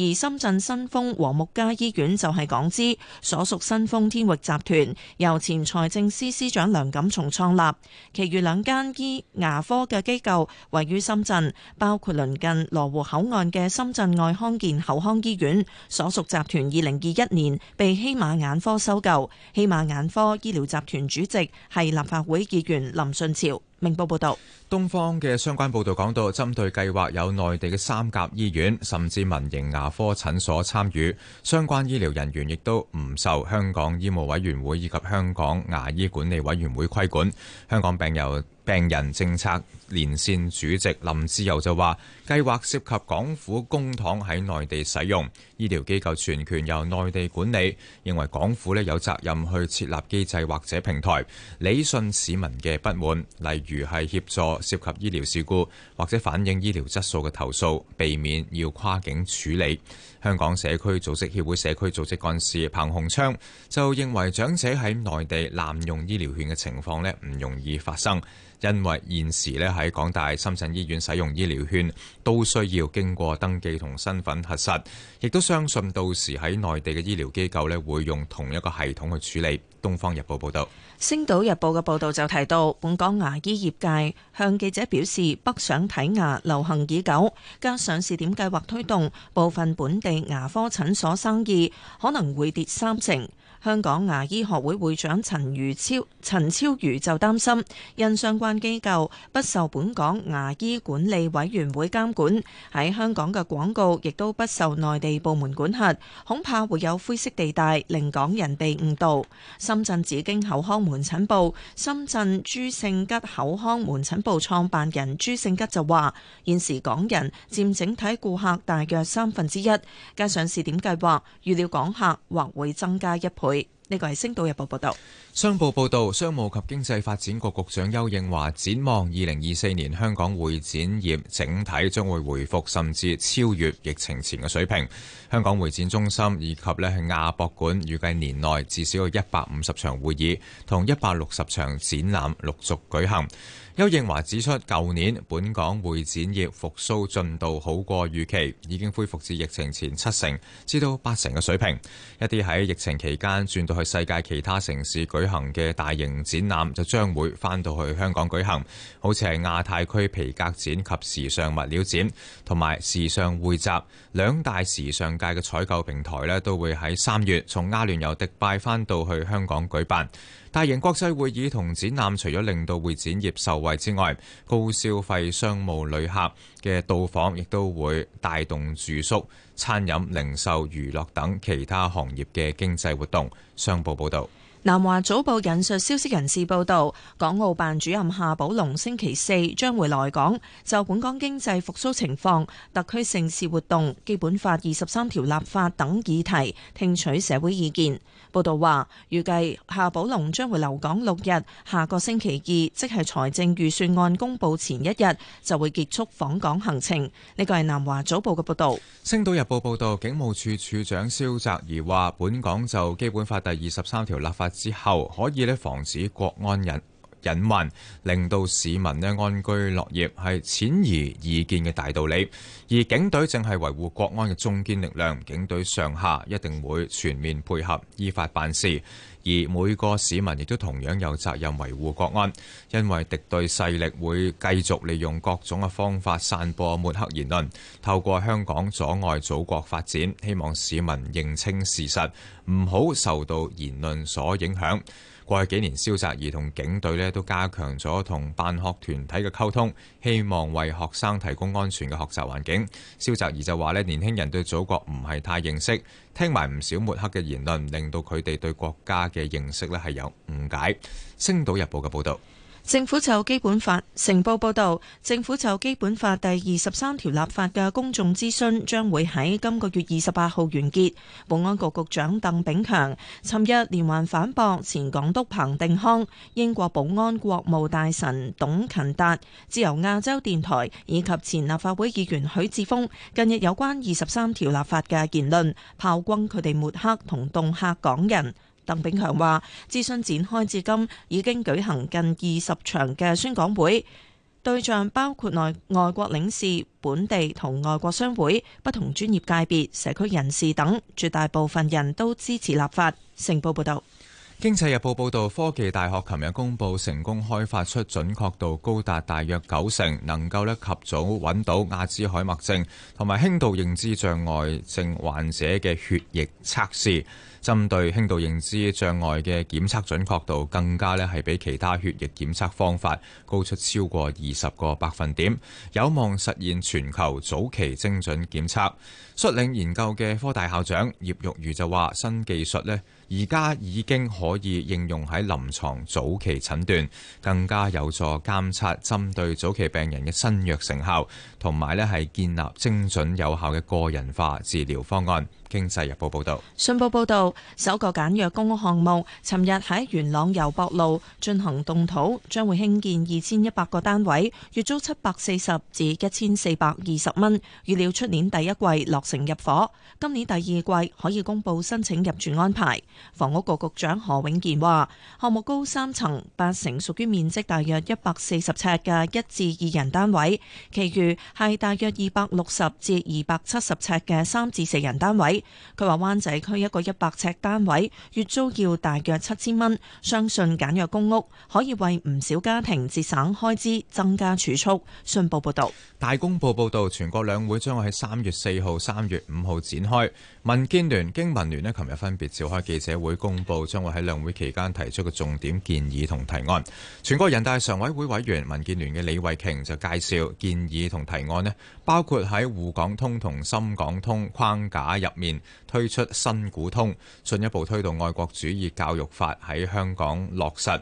而深圳新豐和睦家醫院就係港資所屬新豐天域集團，由前財政司司長梁錦松創立。其餘兩間醫牙科嘅機構位於深圳，包括鄰近羅湖口岸嘅深圳愛康健口腔醫院，所屬集團二零二一年被希瑪眼科收購。希瑪眼科醫療集團主席係立法會議員林順潮。明報報道，東方嘅相關報道講到，針對計劃有內地嘅三甲醫院甚至民營牙科診所參與，相關醫療人員亦都唔受香港醫務委員會以及香港牙醫管理委員會規管，香港病人。病人政策連線主席林志釉就話：計劃涉及港府公帑喺內地使用，醫療機構全權由內地管理，認為港府咧有責任去設立機制或者平台，理順市民嘅不滿，例如係協助涉及醫療事故或者反映醫療質素嘅投訴，避免要跨境處理。香港社區組織協會社區組織幹事彭鴻昌就認為，長者喺內地濫用醫療券嘅情況咧唔容易發生。因為現時咧喺港大深圳醫院使用醫療圈都需要經過登記同身份核實，亦都相信到時喺內地嘅醫療機構咧會用同一個系統去處理。《東方日報》報道，《星島日報》嘅報導就提到，本港牙醫業界向記者表示，北上睇牙流行已久，加上試點計劃推動，部分本地牙科診所生意可能會跌三成。香港牙醫學會會長陳如超陳超如就擔心，因相關機構不受本港牙醫管理委員會監管，喺香港嘅廣告亦都不受內地部門管轄，恐怕會有灰色地帶，令港人被誤導。深圳紫荊口腔門診部、深圳朱勝吉口腔門診部創辦人朱勝吉就話：現時港人佔整體顧客大約三分之一，加上試點計劃，預料港客或會增加一倍。會呢個係《星島日報》報道，商報報道，商務及經濟發展局局長邱應華展望二零二四年香港會展業整體將會回復，甚至超越疫情前嘅水平。香港會展中心以及咧亞博館預計年內至少有一百五十場會議，同一百六十場展覽陸續舉行。邱應華指出，舊年本港會展業復甦進度好過預期，已經恢復至疫情前七成至到八成嘅水平。一啲喺疫情期間轉到去世界其他城市舉行嘅大型展覽，就將會返到去香港舉行。好似係亞太區皮革展及時尚物料展同埋時尚匯集兩大時尚界嘅採購平台呢，都會喺三月從阿聯酋迪拜返到去香港舉辦。大型國際會議同展覽除咗令到會展業受惠之外，高消費商務旅客嘅到訪，亦都會帶動住宿、餐飲、零售、娛樂等其他行業嘅經濟活動。商報報道。南華早報引述消息人士報道，港澳辦主任夏寶龍星期四將會來港，就本港經濟復甦情況、特區盛事活動、基本法二十三條立法等議題，聽取社會意見。報道話，預計夏寶龍將會留港六日，下個星期二，即係財政預算案公布前一日，就會結束訪港行程。呢個係南華早報嘅報道。星島日報報道，警務處處長蕭澤頤話，本港就《基本法》第二十三條立法之後，可以咧防止國安人，隱患令到市民呢安居樂業係淺而易見嘅大道理，而警隊正係維護國安嘅中堅力量，警隊上下一定會全面配合，依法辦事，而每個市民亦都同樣有責任維護國安，因為敵對勢力會繼續利用各種嘅方法散播抹黑言論，透過香港阻礙祖國發展，希望市民認清事實，唔好受到言論所影響。過去幾年，蕭澤頤同警隊咧都加強咗同辦學團體嘅溝通，希望為學生提供安全嘅學習環境。蕭澤頤就話咧，年輕人對祖國唔係太認識，聽埋唔少抹黑嘅言論，令到佢哋對國家嘅認識咧係有誤解。星島日報嘅報道。政府就基本法成報報導。政府就基本法第二十三條立法嘅公眾諮詢將會喺今個月二十八號完結。保安局局長鄧炳強尋日連環反駁前港督彭定康、英國保安國務大臣董勤達、自由亞洲電台以及前立法會議員許智峰近日有關二十三條立法嘅言論，炮轟佢哋抹黑同恫嚇港人。鄧炳強話：諮詢展開至今，已經舉行近二十場嘅宣講會，對象包括內外國領事、本地同外國商會、不同專業界別、社區人士等，絕大部分人都支持立法。成報報道，《經濟日報》報道，科技大學琴日公布成功開發出準確度高達大約九成，能夠呢及早揾到阿茲海默症同埋輕度認知障礙症患者嘅血液測試。針對輕度認知障礙嘅檢測準確度更加呢，係比其他血液檢測方法高出超過二十個百分點，有望實現全球早期精準檢測。率領研究嘅科大校長葉玉如就話：新技術呢。而家已經可以應用喺臨床早期診斷，更加有助監察針對早期病人嘅新藥成效，同埋呢係建立精準有效嘅個人化治療方案。經濟日報報道，信報報道，首個簡約公屋項目，尋日喺元朗油博路進行動土，將會興建二千一百個單位，月租七百四十至一千四百二十蚊，預料出年第一季落成入伙。今年第二季可以公布申請入住安排。房屋局局長何永健話項目高三層，八成屬於面積大約一百四十尺嘅一至二人單位，其餘係大約二百六十至二百七十尺嘅三至四人單位。佢話灣仔區一個一百尺單位月租要大約七千蚊，相信簡約公屋可以為唔少家庭節省開支，增加儲蓄。信報報道。大公報報導，全國兩會將會喺三月四號、三月五號展開。民建聯、經民聯呢，琴日分別召開記者會，公布將會喺兩會期間提出嘅重點建議同提案。全國人大常委會委員民建聯嘅李慧瓊就介紹建議同提案咧，包括喺滬港通同深港通框架入面推出新股通，進一步推動愛國主義教育法喺香港落實。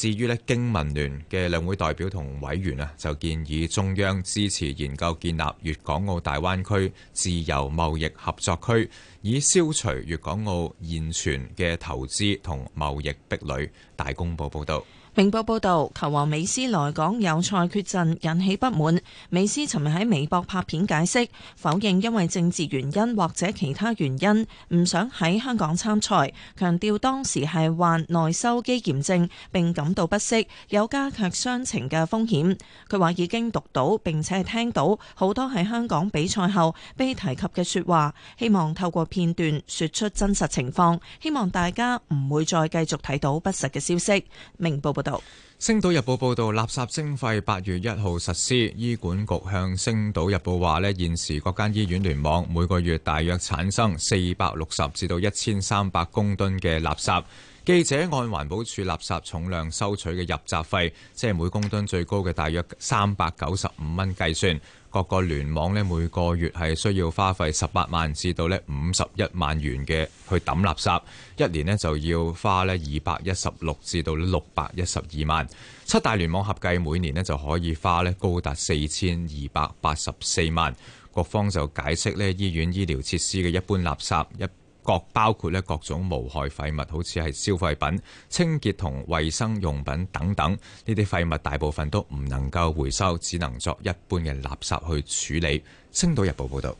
至於咧，經民聯嘅兩會代表同委員啊，就建議中央支持研究建立粵港澳大灣區自由貿易合作區，以消除粵港澳現存嘅投資同貿易壁壘。大公報報導。明報報導，球王美斯來港友賽缺陣，引起不滿。美斯尋日喺微博拍片解釋，否認因為政治原因或者其他原因唔想喺香港參賽，強調當時係患內收肌炎症，並感到不適，有加劇傷情嘅風險。佢話已經讀到並且係聽到好多喺香港比賽後被提及嘅說話，希望透過片段說出真實情況，希望大家唔會再繼續睇到不實嘅消息。明報報導。星島日報報道，垃圾徵費八月一號實施。醫管局向星島日報話咧，現時各間醫院聯網，每個月大約產生四百六十至到一千三百公噸嘅垃圾。記者按環保署垃圾重量收取嘅入閘費，即係每公噸最高嘅大約三百九十五蚊計算。各個聯網咧每個月係需要花費十八萬至到咧五十一萬元嘅去抌垃圾，一年咧就要花咧二百一十六至到六百一十二萬，七大聯網合計每年咧就可以花咧高達四千二百八十四萬，各方就解釋咧醫院醫療設施嘅一般垃圾一。各包括咧各種無害廢物，好似係消費品、清潔同衛生用品等等，呢啲廢物大部分都唔能夠回收，只能作一般嘅垃圾去處理。星島日報報道：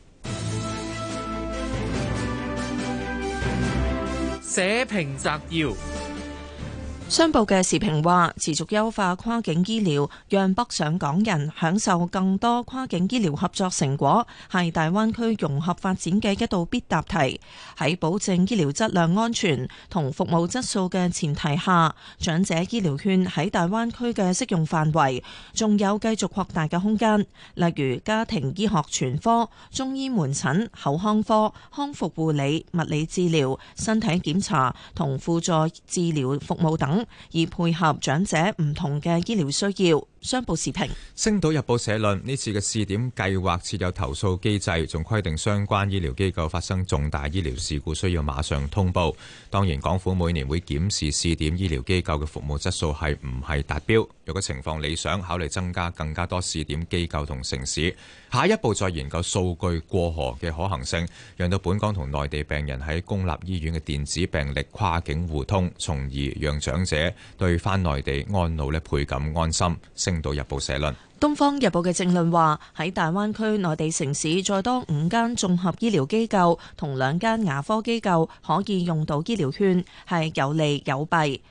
社評摘要。商報嘅時評話，持續優化跨境醫療，讓北上港人享受更多跨境醫療合作成果，係大灣區融合發展嘅一道必答題。喺保證醫療質量安全同服務質素嘅前提下，長者醫療券喺大灣區嘅適用範圍仲有繼續擴大嘅空間，例如家庭醫學全科、中醫門診、口腔科、康復護理、物理治療、身體檢查同輔助治療服務等。以配合長者唔同嘅醫療需要。商報視頻，《星島日報》社論，呢次嘅試點計劃設有投訴機制，仲規定相關醫療機構發生重大醫療事故需要馬上通報。當然，港府每年會檢視試點醫療機構嘅服務質素係唔係達標。若果情況理想，考慮增加更加多試點機構同城市。下一步再研究數據過河嘅可行性，讓到本港同內地病人喺公立醫院嘅電子病歷跨境互通，從而讓長者對翻內地安老咧，倍感安心。《星島日報》社論，《東方日報》嘅政論話：喺大灣區內地城市再多五間綜合醫療機構同兩間牙科機構可以用到醫療券，係有利有弊。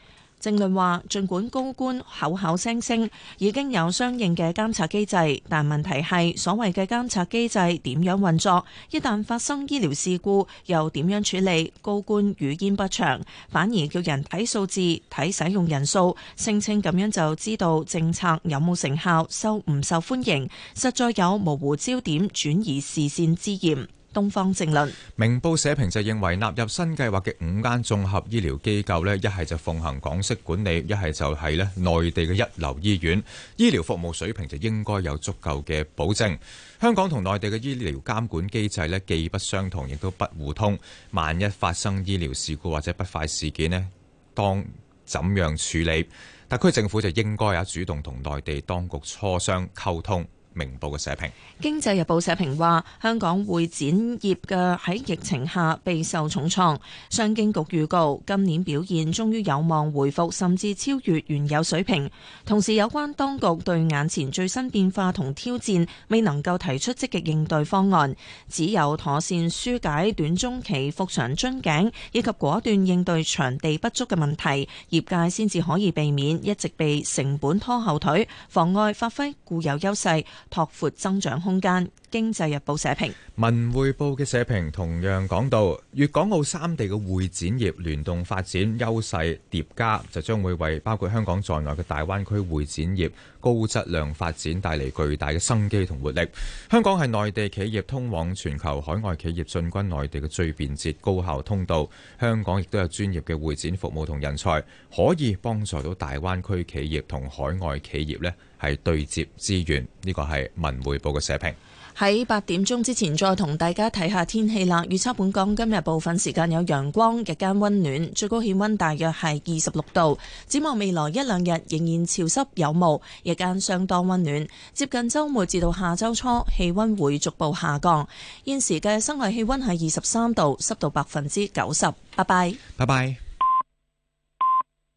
政論話，儘管高官口口聲聲已經有相應嘅監察機制，但問題係所謂嘅監察機制點樣運作？一旦發生醫療事故，又點樣處理？高官語焉不詳，反而叫人睇數字、睇使用人數，聲稱咁樣就知道政策有冇成效、受唔受歡迎，實在有模糊焦點轉移視線之嫌。東方正論。明報社評就認為，納入新計劃嘅五間綜合醫療機構咧，一係就奉行港式管理，一係就係咧內地嘅一流醫院，醫療服務水平就應該有足夠嘅保證。香港同內地嘅醫療監管機制咧，既不相同，亦都不互通。萬一發生醫療事故或者不快事件咧，當怎樣處理？特區政府就應該有主動同內地當局磋商溝通。明報嘅社評。經濟日報社評話香港會展業嘅喺疫情下備受重創，商經局預告今年表現終於有望回復甚至超越原有水平。同時有關當局對眼前最新變化同挑戰未能夠提出積極應對方案，只有妥善疏解短中期復常樽頸，以及果斷應對場地不足嘅問題，業界先至可以避免一直被成本拖後腿，妨礙發揮固有優勢。拓闊增長空間。經濟日報社評，《文匯報》嘅社評同樣講到，粵港澳三地嘅會展業聯動發展優勢疊加，就將會為包括香港在內嘅大灣區會展業高質量發展帶嚟巨大嘅生機同活力。香港係內地企業通往全球海外企業進軍內地嘅最便捷高效通道。香港亦都有專業嘅會展服務同人才，可以幫助到大灣區企業同海外企業呢係對接資源。呢個係《文匯報》嘅社評。喺八點鐘之前再同大家睇下天氣啦。預測本港今日部分時間有陽光，日間溫暖，最高氣溫大約係二十六度。展望未來一兩日仍然潮濕有霧，日間相當溫暖。接近周末至到下周初，氣溫會逐步下降。現時嘅室外氣溫係二十三度，濕度百分之九十。拜拜。拜拜。